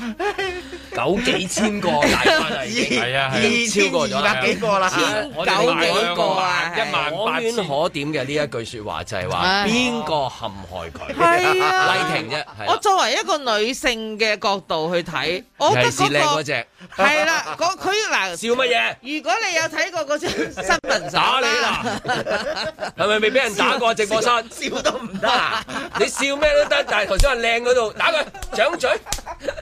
九幾千個大笨獅，係啊，已經超過咗兩百幾個啦，九幾個啊，可圈可點嘅呢一句説話就係話邊個陷害佢？係啊，拉停啫。我作為一個女性嘅角度去睇，我覺得嗰只係啦，嗰佢嗱笑乜嘢？如果你有睇過嗰張新聞，打你啦！係咪未俾人打過直播室？笑都唔得啊！你笑咩都得，但係頭先話靚嗰度打佢掌嘴。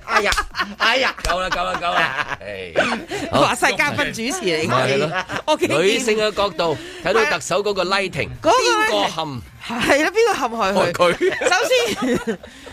哎呀，哎呀！夠啦，夠啦，夠啦！華世界訓主持嚟嘅，女性嘅角度睇到特首嗰個 lighting 是，邊個陷？係啦，邊個陷害佢？哦、 首先。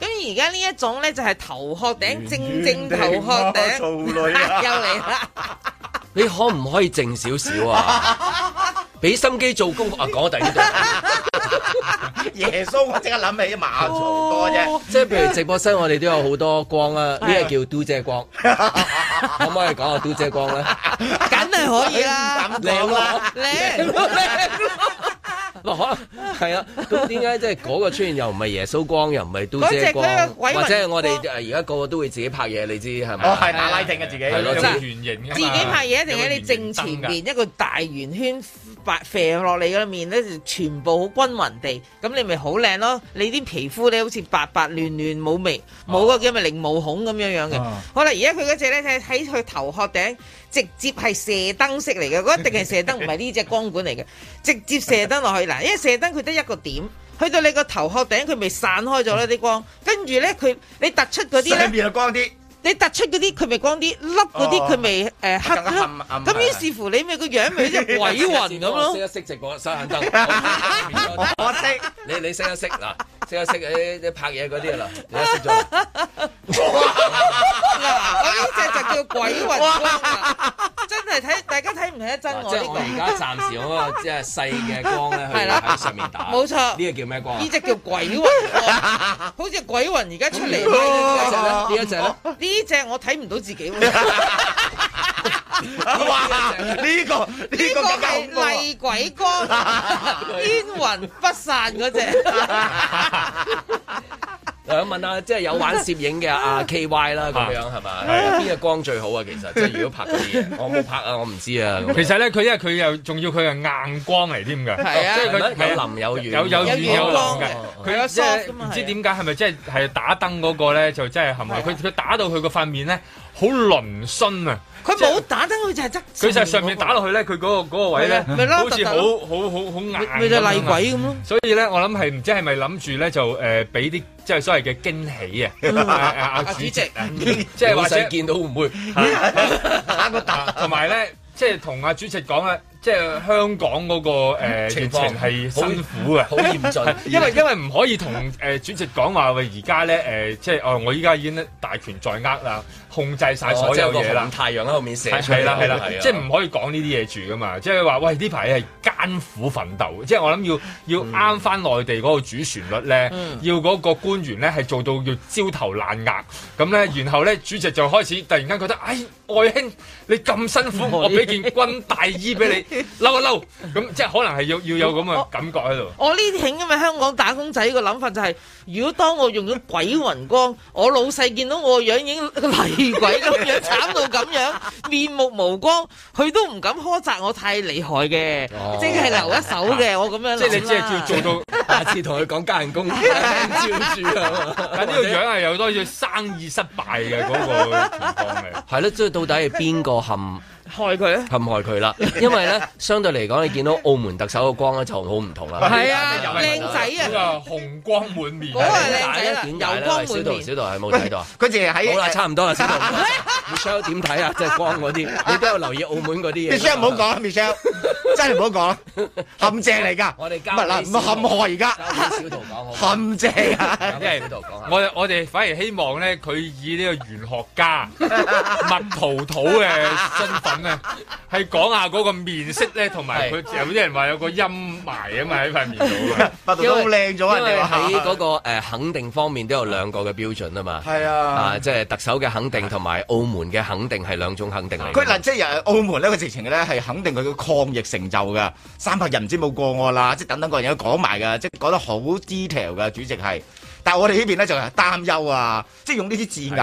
咁而家呢一種呢，就係頭殼頂，正正頭殼頂，又嚟啦！ 你可唔可以靜少少啊？俾心機做功課啊！講第二啲就耶穌，我即刻諗起馬槽多啫，即係譬如直播室，我哋都有好多光啊！呢個叫嘟姐光，可唔可以講下嘟姐光咧？梗係可以啦！靚唔靚？靚唔靚？唔可能係啊！咁點解即係嗰個出現又唔係耶穌光，又唔係嘟姐光？或者我哋誒而家個個都會自己拍嘢，你知係咪？哦，係打拉繩嘅自己，係咯，即係圓形嘅，自己拍嘢。一定喺你正前面一個大圓圈，白射落嚟嗰面咧就全部好均勻地，咁你咪好靚咯。你啲皮膚咧好似白白嫩嫩，冇味，冇嗰叫咪零毛孔咁樣樣嘅。哦、好啦，而家佢嗰隻咧係喺佢頭殼頂直接係射燈式嚟嘅，嗰一定係射燈，唔係呢隻光管嚟嘅，直接射燈落去嗱。因為射燈佢得一個點，去到你個頭殼頂佢咪散開咗啦啲光，跟住咧佢你突出嗰啲咧。你突出嗰啲佢咪光啲，凹嗰啲佢咪誒黑咯。咁於是乎你咪個樣咪即係鬼魂咁咯。我識，你你識一識嗱，識一識你拍嘢嗰啲啦，你識咗。呢隻就叫鬼魂。真係睇大家睇唔睇得真。即係我而家暫時嗰個即係細嘅光咧，去喺上面打。冇錯，呢個叫咩光？呢隻叫鬼魂。好似鬼魂而家出嚟呢一隻呢一隻啦。呢隻我睇唔到自己喎，哇！呢個呢個係厲鬼光，冤魂不散嗰隻。想問下，即係有玩攝影嘅阿 KY 啦，咁樣係咪？邊個光最好啊？其實即係如果拍嘢，我冇拍啊，我唔知啊。其實咧，佢因為佢又仲要佢係硬光嚟添㗎，即係佢有濛有雨，有有雨有濛嘅。佢一唔知點解係咪即係係打燈嗰個咧，就即係含埋佢，佢打到佢個塊面咧。好輪身啊！佢冇很打燈，佢就係側。佢就上面打落去咧、那個，佢、那、嗰個嗰、那個位咧，好似好好好好硬咁咪那那樣 就係、是、厲鬼咁咯。所以咧，我諗係唔知係咪諗住咧就誒俾啲即係所謂嘅驚喜啊！阿、就是、主席，即係或者見到會唔會打個突？同埋咧，即係同阿主席講啊！即係香港嗰個誒疫情係辛苦嘅，好嚴峻，因為因為唔可以同誒主席講話喂，而家咧誒，即係我我依家已經大權在握啦，控制晒所有嘢啦，個紅太陽喺後面射出嚟啦，係啦係啦，即係唔可以講呢啲嘢住噶嘛，即係話喂，呢排係艱苦奮鬥，即係我諗要要啱翻內地嗰個主旋律咧，要嗰個官員咧係做到要焦頭爛額咁咧，然後咧主席就開始突然間覺得，哎，愛卿你咁辛苦，我俾件軍大衣俾你。嬲啊！嬲咁，即係可能係要要有咁嘅感覺喺度。我呢啲係嘅香港打工仔個諗法就係、是，如果當我用咗鬼魂光， 我老細見到我個樣已經厲鬼咁樣慘到咁樣，面目無光，佢都唔敢苛責我太厲害嘅，哦、即係留一手嘅。我咁樣 即係你只係要做到下次同佢講加人工。但呢個樣係有多似生意失敗嘅嗰、那個情況係咯，即係 到底係邊個冚？ 害佢咧，陷害佢啦！因為咧，相對嚟講，你見到澳門特首個光咧，就好唔同啦。係啊，靚仔啊，紅光滿面。小道，小道係冇睇到啊。佢哋喺好啦，差唔多啦。小道，Michelle 點睇啊？即係光嗰啲，你都要留意澳門嗰啲嘢。Michelle 唔好講，Michelle！真係唔好講，陷阱嚟噶。我哋交唔係陷害而家。小道講好。陷阱啊！我我哋反而希望咧，佢以呢個玄學家麥葡萄嘅身份。咩？係講下嗰個面色咧，同埋佢有啲人話有個陰霾啊嘛，喺塊面度。因為好靚咗啊！你話喺嗰個誒肯定方面都有兩個嘅標準啊嘛。係啊，啊即係特首嘅肯定同埋澳門嘅肯定係兩種肯定嚟。佢嗱即係人澳門咧，佢直情咧係肯定佢嘅抗疫成就㗎。三百日唔知冇個案啦，即係等等各樣嘢講埋㗎，即係講得好 detail 㗎。主席係。但係我哋呢邊咧就係擔憂啊，即係用呢啲字眼，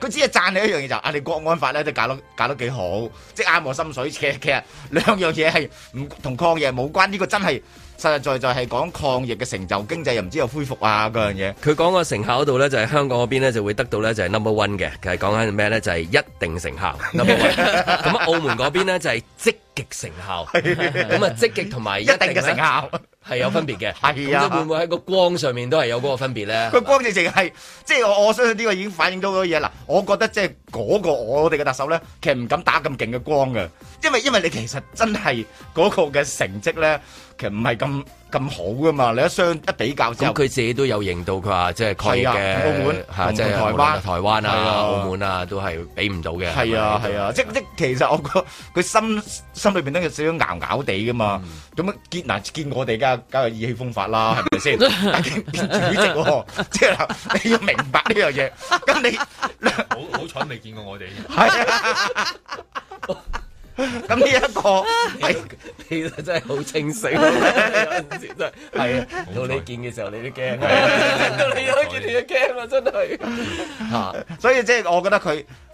佢只係讚你一樣嘢就係、是、啊，你國安法咧都搞到搞到幾好，即係啱我心水，其實其實兩樣嘢係唔同，抗疫冇關，呢、這個真係。實實在在係講抗疫嘅成就經濟，經濟又唔知有恢復啊嗰、嗯、樣嘢。佢講個成效度咧，就喺、是、香港嗰邊咧，就會得到咧就係 number one 嘅。其實講緊咩咧？就係、是、一定成效 number one。咁澳門嗰邊咧就係積極成效。咁啊 的，積極同埋一定嘅成效係有分別嘅。係啊的，會唔會喺個光上面都係有嗰個分別咧？個 吧光直程係，即、就、係、是、我我相信呢個已經反映到嘢啦。我覺得即係嗰個我哋嘅特首咧，其實唔敢打咁勁嘅光嘅，因為因為你其實真係嗰個嘅成績咧。其實唔係咁咁好噶嘛，你一相一比較之後，咁佢自己都有認到佢話，即係佢嘅澳門，即係台灣、台灣啊、澳門啊，都係比唔到嘅。係啊，係啊，即即其實我覺佢心心裏邊都有少少拗拗地噶嘛，咁見嗱見我哋家下，梗係意氣風發啦，係咪先？主席，即係你要明白呢樣嘢。咁你好好彩未見過我哋。咁呢一個係其實真係好清帥醒，真係係啊，到你見嘅時候你都驚，到你都見你都驚啊！真係嚇， 所以即係我覺得佢。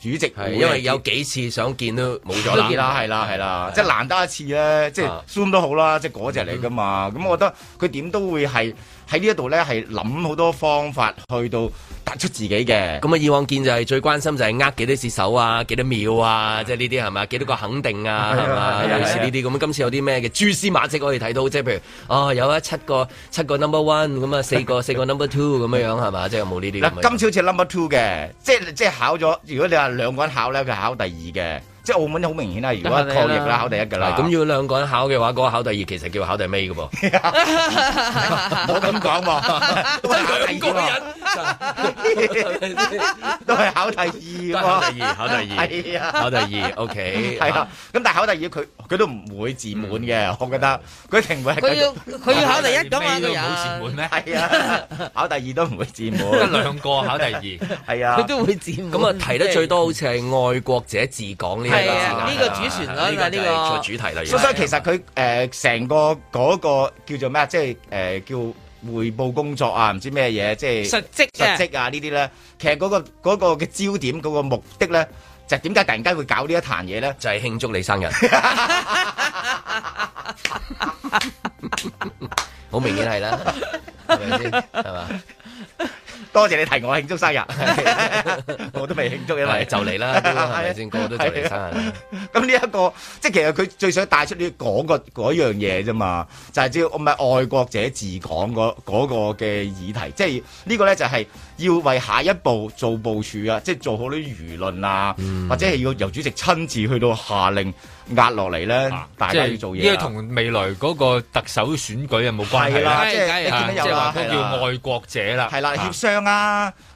主席，因為有幾次想見都冇咗啦，係啦係啦，即係 難得一次咧，即係 Zoom 都好啦，即係嗰隻嚟噶嘛，咁、嗯、我覺得佢點都會係。喺呢一度咧，係諗好多方法去到突出自己嘅。咁啊，以往見就係最關心就係呃幾多次手啊，幾多秒啊，即係呢啲係嘛，幾多個肯定啊，係嘛，類似呢啲。咁吧、嗯、今次有啲咩嘅蛛絲馬跡可以睇到？即係譬如，哦，有啊，七個七個 number one，咁啊，四個 四個 number two 咁樣樣係嘛？即係有冇呢啲？今次好似係 number two 嘅，即係即係考咗。如果你話兩個人考咧，佢考第二嘅。即係澳門好明顯啦，如果抗疫啦考第一㗎啦，咁如果兩個人考嘅話，嗰個考第二其實叫考第尾㗎噃，冇咁講喎，第二嗰個人，都係考第二喎，第二，考第二，係啊，考第二，OK，係啊，咁但係考第二佢佢都唔會自滿嘅，我覺得，佢一定會係佢要佢要考第一㗎嘛，冇自滿咩？係啊，考第二都唔會自滿，得兩個考第二，係啊，佢都會自滿。咁啊提得最多好似係愛國者治港呢？係啊，呢個主旋律啊，呢個主題啦。所以其實佢誒成個嗰個叫做咩啊，即係誒叫匯報工作啊，唔知咩嘢，即係實績實績啊呢啲咧。其實嗰個嗰個嘅焦點嗰個目的咧，就係點解突然間會搞呢一壇嘢咧？就係慶祝你生日，好明顯係啦，係咪先？係嘛？多謝你提我慶祝生日， 我都未慶祝因為、啊、嘅，就嚟啦，嚟先，個個都就嚟生日啦。咁呢一個，即係其實佢最想帶出呢嗰個嗰樣嘢啫嘛，就係只要唔係愛國者自講嗰個嘅議題，即係呢個咧就係。要為下一步做部署啊！即係做好啲輿論啊，嗯、或者係要由主席親自去到下令壓落嚟咧，呢啊、大家是要做嘢、啊。呢個同未來嗰個特首選舉有冇關係咧？啊啊、即係你見都有啦，即、啊、叫愛國者啦，係啦，協商啊。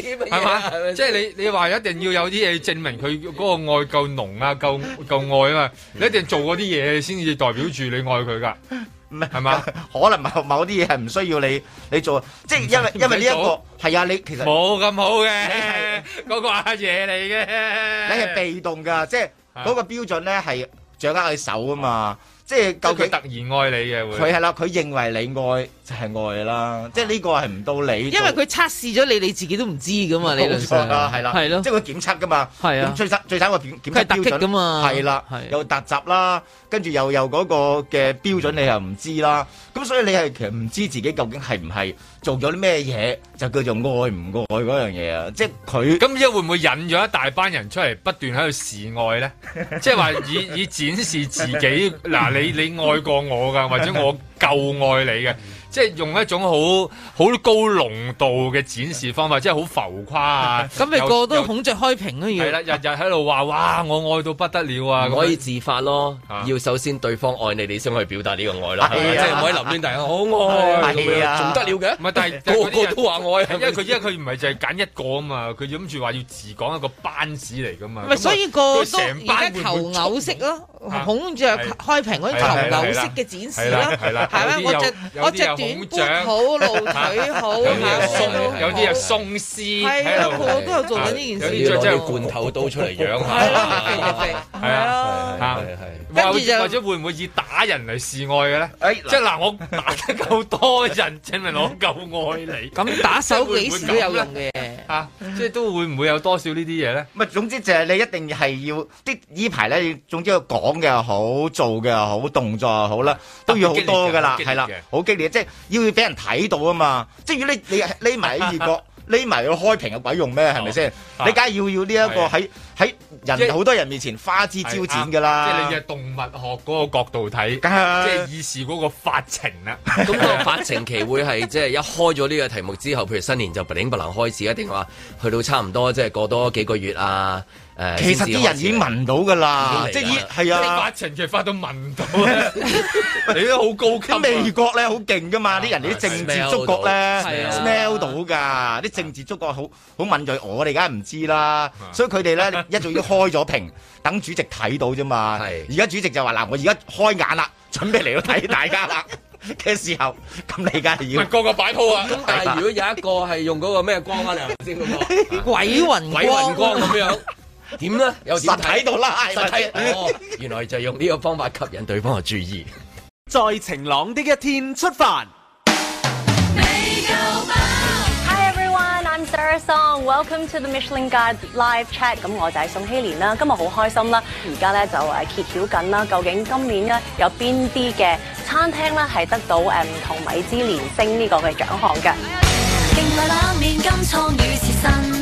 係嘛？即係你，你話一定要有啲嘢證明佢嗰個愛夠濃啊，夠夠愛啊嘛！你一定做嗰啲嘢先至代表住你愛佢噶，係嘛？可能某某啲嘢係唔需要你你做，即係因為因為呢一個係啊，你其實冇咁好嘅，你係嗰個阿爺嚟嘅，你係被動噶，即係嗰個標準咧係掌握喺手啊嘛，即係究竟佢突然愛你嘅會，佢係啦，佢認為你愛。就係愛啦，即係呢個係唔到你。因為佢測試咗你，你自己都唔知噶嘛，你唔覺啦，係咯、哦，即係佢檢測噶嘛，係啊，最差最差個檢檢測標準，係啦的，有的突襲啦，跟住又有嗰個嘅標準你又唔知啦，咁、嗯、所以你係其實唔知自己究竟係唔係做咗啲咩嘢，就叫做愛唔愛嗰樣嘢啊！即係佢咁即係會唔會引咗一大班人出嚟不斷喺度示愛咧？即係話以以展示自己嗱、啊，你你，你愛過我噶，或者我夠愛你嘅。即係用一種好好高濃度嘅展示方法，即係好浮誇啊！咁咪個個都孔雀開屏嘅嘢啦，日日喺度話，哇！我愛到不得了啊！可以自發咯，要首先對方愛你，你想去表達呢個愛咯，即係唔可以臨邊大然好愛，你啊，仲得了嘅？唔係，但係個個都話愛，因為佢因為佢唔係淨係揀一個啊嘛，佢諗住話要自講一個班子嚟㗎嘛。唔係，所以個都成班頭偶式咯，孔雀開屏嗰啲頭偶式嘅展示啦，係啦？我只我只。好長，好露腿，好吓，有啲有鬆絲，係啊，我都有做緊呢件事。有啲着真係罐頭刀出嚟養下。係咯，係啊，係。跟住或者會唔會以打人嚟示愛嘅咧？即係嗱，我打得夠多人，證明我夠愛你？咁打手幾時都有用嘅？吓，即係都會唔會有多少呢啲嘢咧？唔係，總之就係你一定係要啲呢排咧。總之，要講嘅又好，做嘅又好，動作又好啦，都要好多噶啦，係啦，好激烈，即係。要俾人睇到啊嘛！即係如果你你匿埋喺異國，匿埋去開屏有鬼用咩？係咪先？ 你梗係要要呢一個喺喺人好即多人面前花枝招展噶啦！即係你只動物學嗰個角度睇，啊、即係以示嗰個發情啦。咁 個發情期會係即係一開咗呢個題目之後，譬如新年就不能不靈開始一定話去到差唔多即係、就是、過多幾個月啊？其實啲人已經聞到噶啦，即係依係啊，發情期發到聞到啊！你都好高級，美國咧好勁噶嘛，啲人哋啲政治觸覺咧 smell 到噶，啲政治觸覺好好敏銳，我哋梗係唔知啦，所以佢哋咧一早已經開咗屏等主席睇到啫嘛。係而家主席就話嗱，我而家開眼啦，準備嚟到睇大家啦嘅時候，咁你梗係要個個擺鋪啊！咁但係如果有一個係用嗰個咩光啊，鬼魂鬼光咁樣。點咧？有實體度啦，實體、哦、原來就用呢個方法吸引對方嘅注意。 在晴朗的一天出發。Hi everyone, I'm Sarah Song. Welcome to the Michelin Guide Live Chat。咁我就係宋希蓮啦。今日好開心啦！而家咧就誒揭曉緊啦，究竟今年咧有邊啲嘅餐廳咧係得到誒唔同米芝蓮星呢個嘅獎項嘅。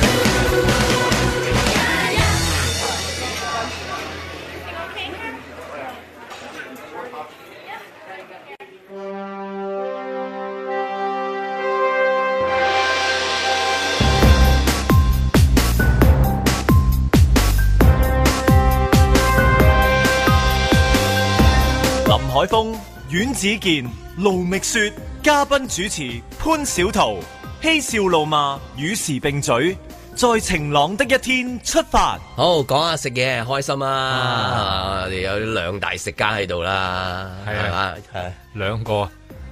阮子健、盧覓雪，嘉賓主持潘小桃，嬉笑怒罵，與時並嘴，在晴朗的一天出發。好講下食嘢開心啊！啊啊你有兩大食家喺度啦，係啊，係兩個。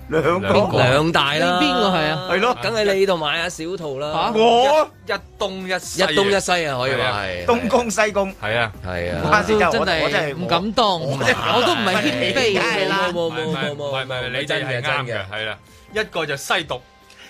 兩公兩大啦，邊個係啊？係咯，梗係你呢度買下，小圖啦。我一東一西，一東一西啊，可以話係東攻西攻，係啊，係啊。啱先真係，我真係唔敢當，我都唔係偏非，梗係啦。唔係唔係，李仔係真嘅，係啦，一個就西毒。一講用啲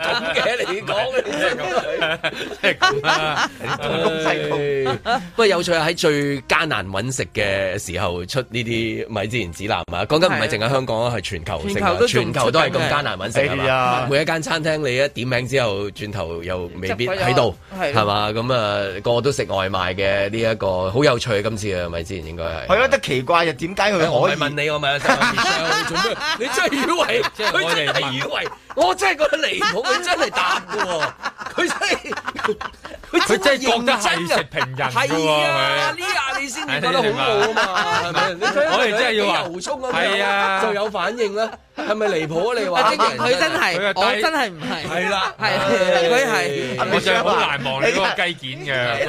咁嘅嚟講嘅啲咁嘅，不過有趣係喺最艱難揾食嘅時候出呢啲米芝蓮指南啊！講緊唔係淨係香港咯，係全球性，全球都係咁艱難揾食係嘛？每一間餐廳你一點名之後，轉頭又未必喺度係嘛？咁啊，個個都食外賣嘅呢一個好有趣。今次啊，米芝蓮應該係係覺得奇怪嘅，點解佢可以問你我咪上嚟做咩？你真係以為即係我哋？係，喂、哎，我真係覺得離譜，佢真係打噶，佢真係。 佢真係覺得係食平人㗎喎，呢下你先覺得好無啊嘛！係咪？我哋真係要油衝啊，就有反應啦。係咪離譜啊？你話佢真係，我真係唔係。係啦，佢係我印象好難忘呢個雞件嘅，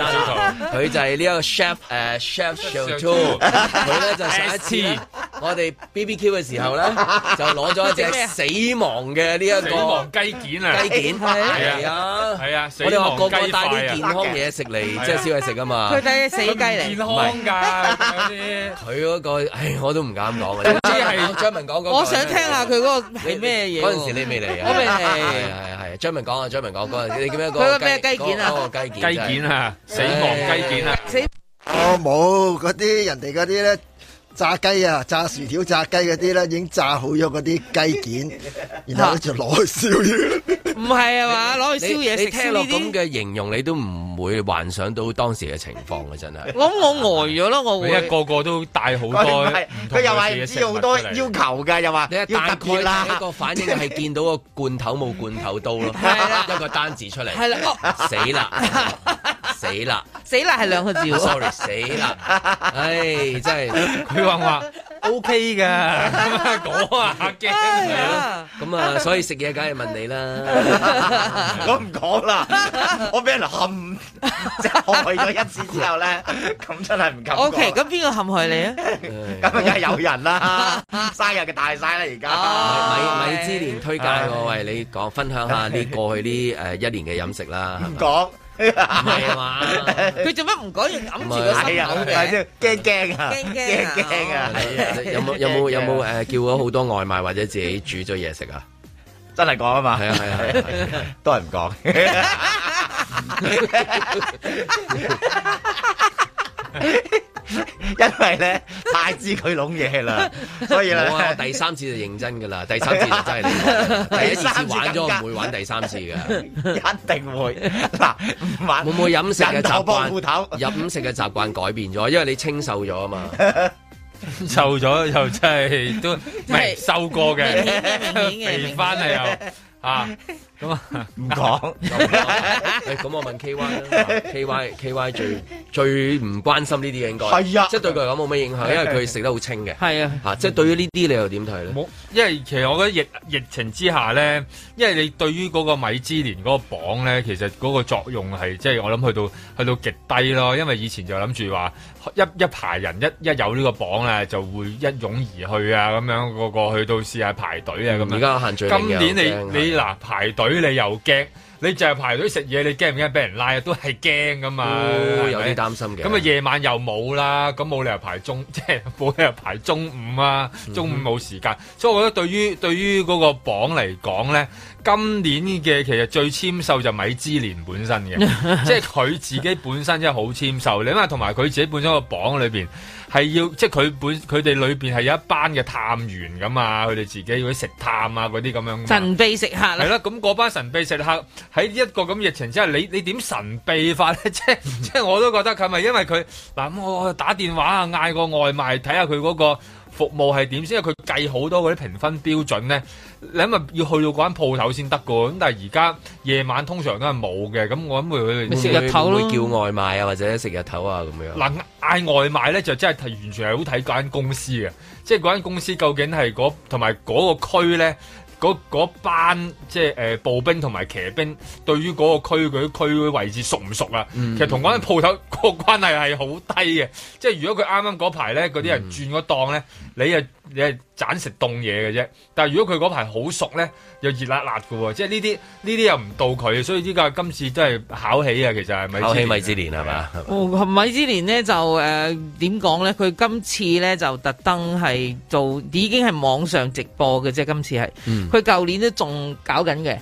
佢就係呢一個 chef 誒 chef show two。佢咧就上一次我哋 BBQ 嘅時候咧，就攞咗一隻死亡嘅呢一個雞件啊！雞件係啊係啊！我哋學過雞蛋。健康嘢食嚟，即係燒嘢食啊嘛！佢睇死雞嚟，唔係健康㗎嗰啲。佢嗰個，唉，我都唔敢講嘅。即係張文講講。我想聽下佢嗰個係咩嘢？嗰陣時你未嚟啊！我未。係係係，張文講啊，張文講嗰陣，你叫咩？嗰個咩雞件啊？雞件啊！死亡雞件啊！死，哦，冇嗰啲人哋嗰啲咧。炸雞啊，炸薯條、炸雞嗰啲咧，已經炸好咗嗰啲雞件，然後就攞去燒嘢。唔係啊嘛，攞去燒嘢食。你你聽落咁嘅形容，你都唔會幻想到當時嘅情況啊。真係。我我呆咗咯，我會。你一個個都帶好多。佢又話唔知好多要求嘅，又話。你大概啦，呢個反應係見到個罐頭冇罐頭刀咯， 一個單字出嚟。係啦， 死啦，死啦，死啦，係兩個字。Sorry，死啦，唉、哎，真係。 話話 O K 噶，講啊驚，咁啊所以食嘢梗係問你啦，我唔講啦，我俾人陷，即係陷害咗一次之後咧，咁真係唔敢。O K，咁邊個陷害你啊？咁啊梗係有人啦，生日嘅大晒啦而家。米米芝蓮推介喎，喂，你講，分享下你過去啲誒一年嘅飲食啦，係咪？講。唔係啊嘛、哎！佢做乜唔講？要揞住個心諗，驚驚啊！驚驚啊！哦哦 嗯、有冇有冇有冇誒？叫咗好多外賣或者自己煮咗嘢食啊？ 真係講啊嘛！係啊係係，都係唔講。因為咧，太知佢諗嘢啦，所以我第三次就認真噶啦，第三次就真係嚟。第一次玩咗，唔會玩第三次噶，一定會嗱。唔玩，會唔會飲食嘅習慣？飲食嘅習慣改變咗，因為你清瘦咗啊嘛，瘦咗又真係都未瘦過嘅，肥翻嚟又啊。咁啊，唔講。咁說 我問 K Y 啦 ，K Y K Y 最最唔關心呢啲應該，係啊， 即係對佢嚟講冇咩影響， 因為佢食得好清嘅。係啊，即係對於呢啲你又點睇咧？冇，因為其實我覺得疫疫情之下咧，因為你對於嗰個米芝蓮嗰個榜咧，其實嗰個作用係即係我諗去到去到極低咯。因為以前就諗住話一一排人一一有呢個榜咧，就會一擁而去啊，咁樣個個去到試下排隊啊。咁樣而家限今年你怕你嗱你排隊。佢你又驚？你就係排隊食嘢，你驚唔驚俾人拉啊？都係驚㗎嘛，有啲擔心嘅。咁啊，夜晚又冇啦，咁冇理由排中，即係冇理由排中午啊！中午冇時間，所以我覺得對於對於嗰個榜嚟講咧，今年嘅其實最簽售就米芝蓮本身嘅，即係佢自己本身真係好簽售咧。因為同埋佢自己本身個榜裏邊係要，即係佢本佢哋裏邊係有一班嘅探員咁啊，佢哋自己嗰啲食探啊嗰啲咁樣。神秘食客啦，係啦，咁嗰班神秘食客。喺一個咁疫情之下，你你點神秘法咧？即 即 我都覺得係咪因為佢，嗱我打電話啊，嗌個外賣睇下佢嗰個服務係點先。因為佢計好多嗰啲評分標準咧，你咁咪要去到嗰間鋪頭先得噶。咁但係而家夜晚通常都係冇嘅。咁我諗會會會叫外賣啊，或者食日頭啊咁樣。嗱嗌外賣咧就真係睇完全係好睇嗰間公司嘅，即係嗰間公司究竟係同埋嗰個區咧。嗰班即係誒、呃、步兵同埋騎兵對於嗰個區佢區位置熟唔熟啊？嗯嗯、其實同嗰間鋪頭個關係係好低嘅，即係如果佢啱啱嗰排咧，嗰啲人轉嗰檔咧，嗯、你又。你係盞食凍嘢嘅啫，但係如果佢嗰排好熟咧，又熱辣辣嘅喎，即係呢啲呢啲又唔到佢，所以依個今次真係考起啊，其實係咪？考起米芝蓮係嘛，嗯吧哦？米芝蓮咧就誒點講咧？佢、呃、今次咧就特登係做，已經係網上直播嘅啫。今次係，佢舊年都仲搞緊嘅。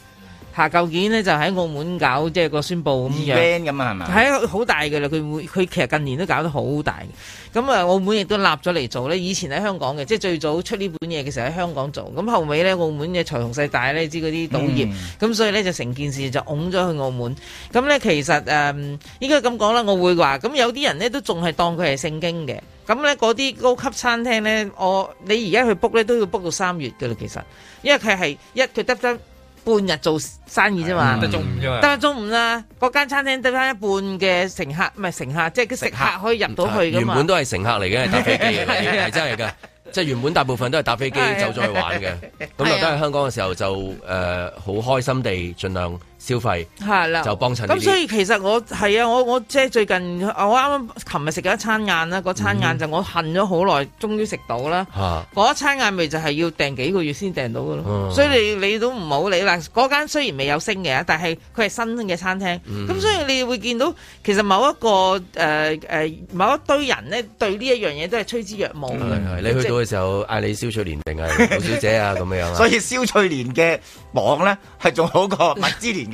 下舊年呢，就喺澳門搞，即係個宣佈咁樣。e 咁啊，係嘛？係好大嘅啦。佢每佢其實近年都搞得好大嘅。咁啊，澳門亦都立咗嚟做呢。以前喺香港嘅，即係最早出呢本嘢嘅時候喺香港做。咁後尾呢，澳門嘅財雄勢大呢，知嗰啲賭業，咁所以呢，就成件事就拱咗去澳門。咁呢，其實誒，應該咁講啦。我會話，咁有啲人呢，都仲係當佢係聖經嘅。咁呢，嗰啲高級餐廳呢，我你而家去 book 呢，都要 book 到三月嘅啦。其實，因為佢係一佢得得。半日做生意啫嘛，嗯、得中午啫嘛，得中午啦。嗰間餐廳得翻一半嘅乘客，唔係乘客，即係食客可以入到去噶嘛。原本都係乘客嚟嘅，係搭飛機嗰啲係真係嘅，即、就、係、是、原本大部分都係搭飛機走咗去玩嘅。咁落翻喺香港嘅時候就誒好、 呃、開心地盡量。消費係啦，的就幫襯。咁所以其實我係啊，我我即係最近，我啱啱琴日食咗一餐晏啦，嗰餐晏就我恨咗好耐，終於食到啦。嗰、嗯、餐晏咪就係要訂幾個月先訂到嘅咯。嗯、所以你你都唔好理啦。嗰間雖然未有升嘅，但係佢係新嘅餐廳。咁、嗯、所以你會見到，其實某一個誒誒、呃呃，某一堆人咧對呢一樣嘢都係趨之若鶩嘅。你去到嘅時候嗌你蕭翠蓮定係劉小姐啊咁樣啊？ 所以蕭翠蓮嘅網咧係仲好過物之連。個榜唔係唔係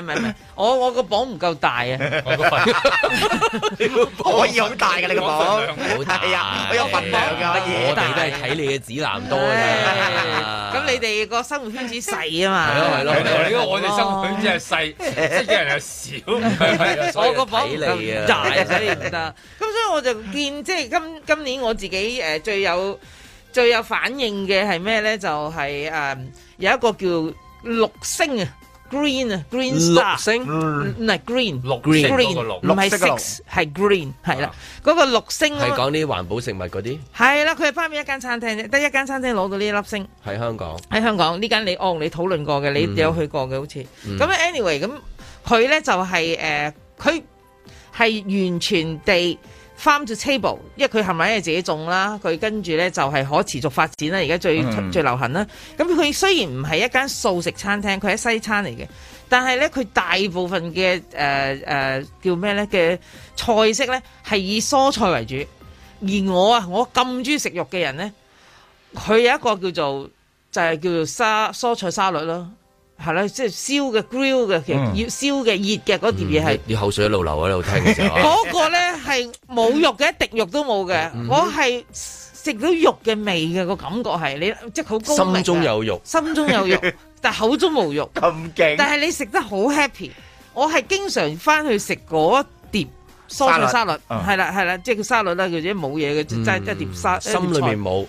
唔係，我我個榜唔夠大啊！可以好大嘅，你個榜好大啊，我有份榜嘅。我哋都係睇你嘅指南多啦。咁你哋個生活圈子細啊嘛，係咯係咯。你，我哋生活圈子係細，接觸人又少，我個榜唔得啊，大所以唔得。咁所以我就見，即係今今年我自己誒最有最有反應嘅係咩咧？就係誒有一個叫六星啊。green 啊，green Star，綠星，唔係 green，green，唔係 six，係 green，係啦星，嗰 Green, 個綠星係講啲環保食物嗰啲，係啦，佢係翻面一間餐廳啫，得一間餐廳攞到呢一粒星，喺香港，喺香港呢間你哦，你討論過嘅，你有去過嘅好似，咁咧、嗯、anyway，咁佢咧就係、是、誒，佢、呃、係完全地。Farm to table，因為佢冚咪係自己種啦，佢跟住呢就係可持續發展啦，而家最、mm hmm. 最流行啦。咁佢雖然唔係一間素食餐廳，佢係西餐嚟嘅，但係呢，佢大部分嘅誒誒叫咩呢嘅菜式呢，係以蔬菜為主。而我啊，我咁中意食肉嘅人呢，佢有一個叫做就係、是、叫做沙蔬菜沙律咯。係啦，即係燒嘅 grill 嘅，其實要燒嘅熱嘅嗰碟嘢係。你口水一路流喺度聽嘅時候。嗰個咧係冇肉嘅，一滴肉都冇嘅。我係食到肉嘅味嘅個感覺係，你即係好高。心中有肉，心中有肉，但係口中無肉。咁勁！但係你食得好 happy，我係經常翻去食嗰碟蔬菜沙律，係啦係啦，即係叫沙律啦，佢而家冇嘢嘅，就齋得碟沙。心裏面冇，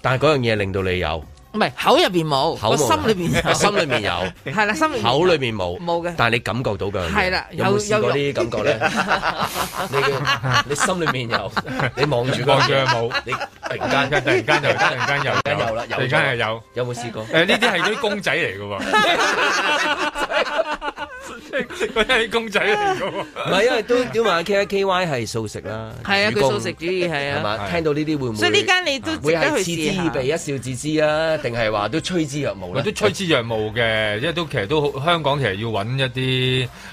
但係嗰樣嘢令到你有。唔係口入邊冇，口心裏邊心裏面有，係啦，心口裏邊冇冇嘅，但係你感覺到嘅係啦，有冇試過啲感覺咧，你你心裏面有，你望住個腳冇，你突然間突然間突然間又突然間又有啦，突然間又有，有冇試過？誒呢啲係啲公仔嚟噶喎。食即係公仔嚟噶唔係，因為都點話 k i k y 係素食啦。係啊 公，佢素食主義，係啊。係嘛？聽到呢啲會唔會？所以呢間你都會係嗤之以鼻，一笑置之啊？定係話都趨之若鶩咧？都趨之若鶩嘅，因為都其實都好。香港其實要揾一啲。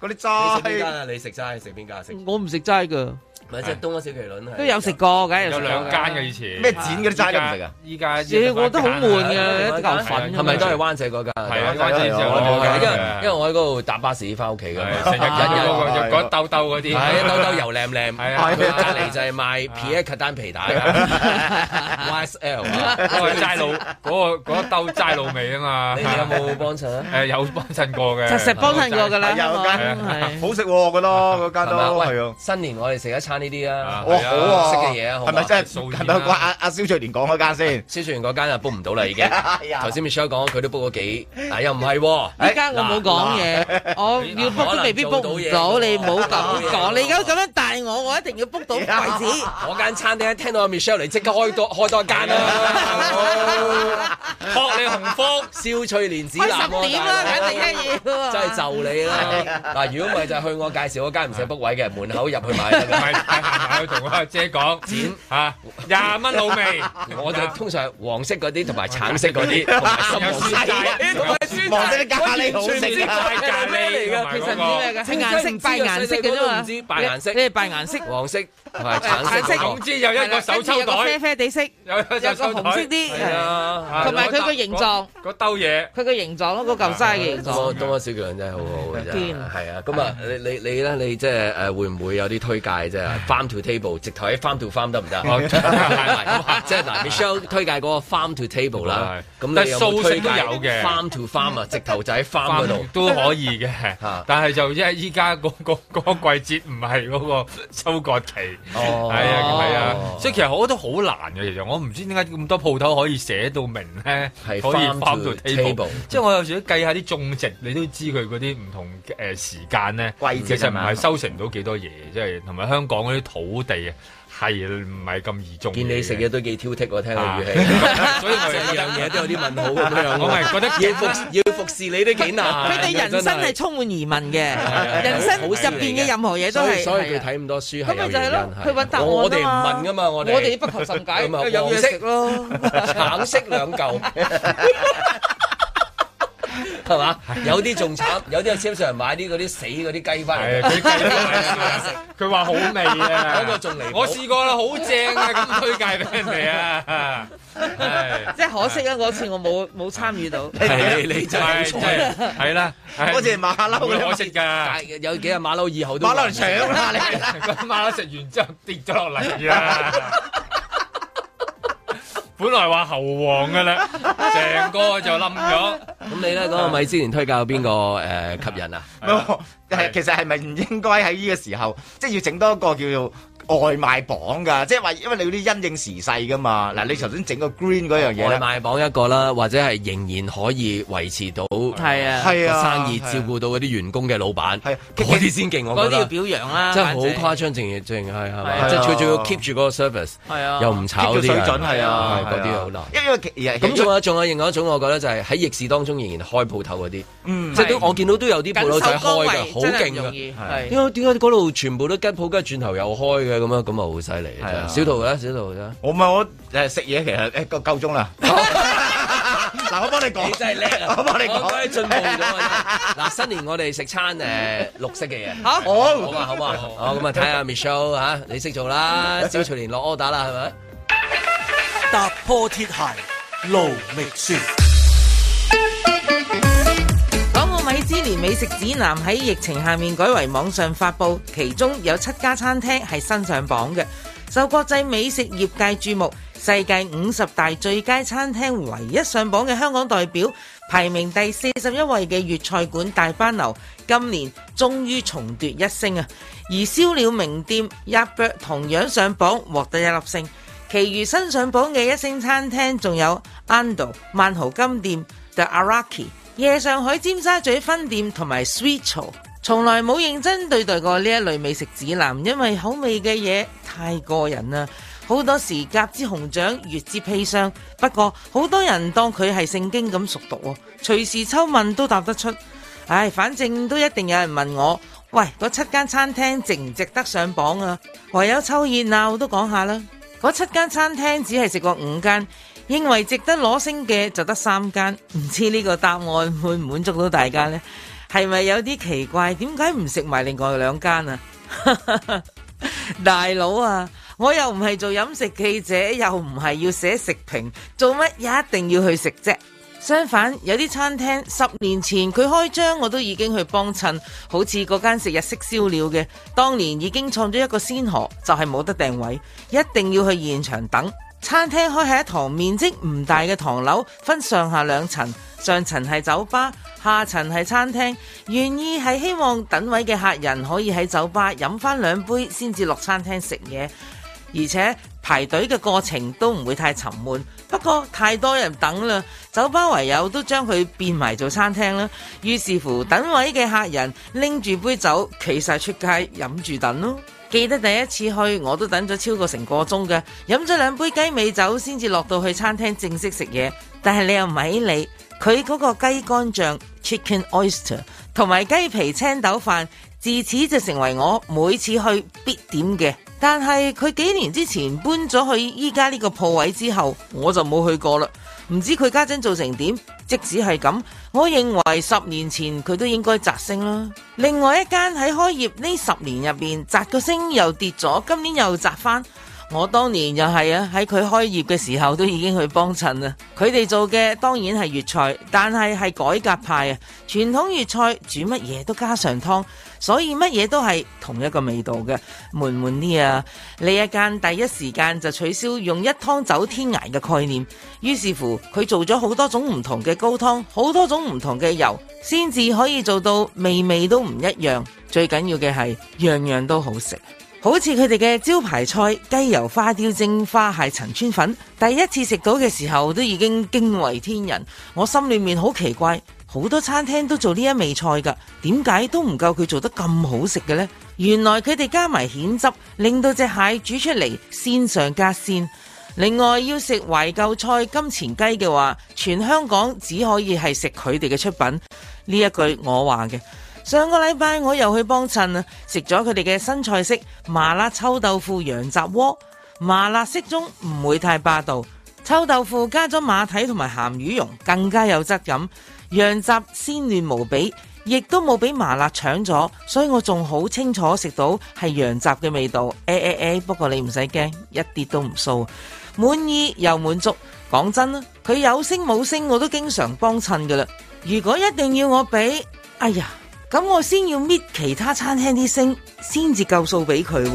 嗰啲齋，你食邊間啊？你食齋，食邊間啊？食我唔食齋噶。唔係即係東灣小麒麟，係都有食過嘅，有兩間嘅以前。咩剪嗰啲齋都唔食啊！依家，我覺得好悶嘅一嚿粉。係咪都係灣仔嗰間？係啊，灣仔嗰間。因為我喺嗰度搭巴士翻屋企嘅，成日緊要又嗰一兜兜嗰啲，一兜兜油靚靚。係啊，隔離就係賣皮質單皮帶 YSL 嗰個齋佬嗰個嗰兜齋佬味啊嘛！你哋有冇幫襯？有幫襯過嘅，實實幫襯過㗎啦。有間好食㗎咯，嗰間都係。新年我哋食一餐。呢啲啊，好啊，識嘅嘢啊，係咪真係近到？阿阿蕭翠蓮講嗰間先，蕭翠蓮嗰間又 book 唔到啦，已經。頭先 Michelle 講，佢都 book 咗幾，但又唔係。依家我冇講嘢，我要 book 都未必 book 到。嘢。你唔好咁講，你而家咁樣帶我，我一定要 book 到位置。我間餐廳聽到阿 Michelle 你即刻開多開多間啦。祝你幸福，蕭翠蓮子，十點啦，肯定一要？真係就你啦。嗱，如果唔係就去我介紹嗰間唔使 book 位嘅門口入去買係，同阿姐講剪吓，廿蚊好味。我就通常黃色嗰啲同埋橙色嗰啲，黃色咖喱，黃色咖喱，咖喱嚟噶，其實唔知咩嘅，扮顏色嘅啫嘛，扮顏色，咩扮顏色？黃色同埋橙色，總之有一個手抽袋，有個啡啡哋色，有個紅色啲，同埋佢個形狀，個兜嘢，佢個形狀咯，個舊衫嘅形狀。東方小巨蛋真係好好嘅，真係，係啊。咁啊，你你你咧，你即係誒，會唔會有啲推介啫？farm to table，直頭喺 farm to farm 得唔得？即係嗱你 Michelle 推介嗰個 farm to table 啦，咁你有冇推介？farm to farm 啊，直頭就喺 farm 度都可以嘅，但係就即係依家嗰個個季節唔係嗰個收割期，係啊係啊，即係其實我覺得好難嘅。其實我唔知點解咁多鋪頭可以寫到明咧，可以 farm to table。即係我有時都計下啲種植，你都知佢嗰啲唔同誒時間咧，其實唔係收成到幾多嘢，即係同埋香港。嗰啲土地啊，係唔係咁易種？見你食嘢都幾挑剔，我聽你語氣，所以我有樣嘢都有啲問號。我係覺得要服要服侍你都幾難。佢哋人生係充滿疑問嘅，人生入邊嘅任何嘢都係。所以佢睇咁多書係原因。我哋唔問噶嘛，我哋我哋不求甚解，有嘢食咯，橙色兩嚿。係嘛？有啲仲慘，有啲喺超市買啲嗰啲死嗰啲雞翻嚟，佢雞話好味咧，嗰個仲嚟，我試過啦，好正啊，咁推介俾你哋啊，係。即可惜啊！嗰次我冇冇參與到，你你就冇錯，係啦。嗰次馬騮唔可惜㗎，有幾隻馬騮以後都馬騮搶啦，你馬騮食完之後跌咗落嚟啊！本來話猴王嘅咧，成 個就冧咗 咁你咧嗰個米之前推介有邊個誒吸引啊？係 其實係咪唔應該喺呢個時候， 即係要整多一個叫做？外賣榜噶，即係話因為你嗰啲因應時勢噶嘛。嗱，你頭先整個 green 嗰樣嘢，外賣榜一個啦，或者係仍然可以維持到，係啊，個生意照顧到嗰啲員工嘅老闆，嗰啲先勁我覺得。嗰啲要表揚啦，即係好誇張，正正係係，即係最重要 keep 住嗰個 service，係啊，又唔炒啲水準，係啊，嗰啲好難。咁仲有仲有另外一種，我覺得就係喺逆市當中仍然開鋪頭嗰啲，即係都我見到都有啲鋪頭仔開嘅，好勁㗎。點解點解嗰度全部都跟鋪跟轉頭又開嘅？咁啊，咁啊，好犀利！係啊，小道嘅，小道嘅。我唔係我誒食嘢，其實誒夠夠鐘啦。嗱，我幫你講，你真係叻。我幫你講，你進步咗。嗱，新年我哋食餐誒綠色嘅嘢。吓，好，好嘛，好嘛。好，咁啊，睇下 Michelle 嚇，你識做啦。小徐連落，order 啦，係咪？踏破鐵鞋路未絕。之年美食指南喺疫情下面改為網上發佈，其中有七家餐廳係新上榜嘅，受國際美食業界注目。世界五十大最佳餐廳唯一上榜嘅香港代表，排名第四十一位嘅粵菜館大班樓，今年終於重奪一星啊！而燒鳥名店 Yardbird 同樣上榜，獲得一粒星。其餘新上榜嘅一星餐廳仲有安道、萬豪金店、The Araki。夜上海尖沙咀分店同埋 Sweet 從來冇認真對待過呢一類美食指南，因為好味嘅嘢太過癮啦。好多時甲之熊掌，乙之砒霜。不過好多人當佢係聖經咁熟讀喎，隨時抽問都答得出。唉，反正都一定有人問我，喂，嗰七間餐廳值唔值得上榜啊？唯有抽熱鬧、啊、都講下啦。嗰七間餐廳只係食過五間。認為值得攞星嘅就得三間，唔知呢個答案滿唔滿足到大家呢？係咪有啲奇怪？點解唔食埋另外兩間啊？ 大佬啊，我又唔係做飲食記者，又唔係要寫食評，做乜一定要去食啫？相反，有啲餐廳十年前佢開張，我都已經去幫襯，好似嗰間食日式燒鳥嘅，當年已經創咗一個先河，就係、是、冇得訂位，一定要去現場等。餐廳開喺一堂面積唔大嘅唐樓，分上下兩層，上層係酒吧，下層係餐廳。原意係希望等位嘅客人可以喺酒吧飲返兩杯先至落餐廳食嘢，而且排隊嘅過程都唔會太沉悶。不過太多人等啦，酒吧唯有都將佢變埋做餐廳啦。於是乎，等位嘅客人拎住杯酒，企晒出街飲住等咯。記得第一次去我都等咗超過成個鐘嘅，飲咗兩杯雞尾酒先至落到去餐廳正式食嘢。但係你又唔係你，佢嗰個雞肝醬 （Chicken Oyster） 同埋雞皮青豆飯，自此就成為我每次去必點嘅。但係佢幾年之前搬咗去依家呢個鋪位之後，我就冇去過啦。唔知佢家陣做成點？即使係咁，我認為十年前佢都應該摘星啦。另外一間喺開業呢十年入邊摘個星又跌咗，今年又摘翻。我當年又係啊，喺佢開業嘅時候都已經去幫襯啊。佢哋做嘅當然係粵菜，但係係改革派啊。傳統粵菜煮乜嘢都加上湯。所以乜嘢都係同一個味道嘅，悶悶啲啊！呢一間第一時間就取消用一湯走天涯嘅概念，於是乎佢做咗好多種唔同嘅高湯，好多種唔同嘅油，先至可以做到味味都唔一樣。最緊要嘅係樣樣都好食，好似佢哋嘅招牌菜雞油花雕蒸花蟹陳村粉，第一次食到嘅時候都已經驚為天人，我心裏面好奇怪。好多餐廳都做呢一味菜噶，點解都唔夠佢做得咁好食嘅呢？原來佢哋加埋蜆汁，令到隻蟹煮出嚟鮮上加鮮。另外要食懷舊菜金錢雞嘅話，全香港只可以係食佢哋嘅出品。呢一句我話嘅。上個禮拜我又去幫襯啊，食咗佢哋嘅新菜式麻辣臭豆腐羊雜鍋。麻辣適中，唔會太霸道。臭豆腐加咗馬蹄同埋鹹魚蓉，更加有質感。羊雜鮮嫩無比，亦都冇俾麻辣搶咗，所以我仲好清楚食到係羊雜嘅味道。誒誒誒，不過你唔使驚，一啲都唔臊，滿意又滿足。講真啦，佢有星冇星我都經常幫襯噶啦。如果一定要我俾，哎呀，咁我先要搣其他餐廳啲星，先至夠數俾佢。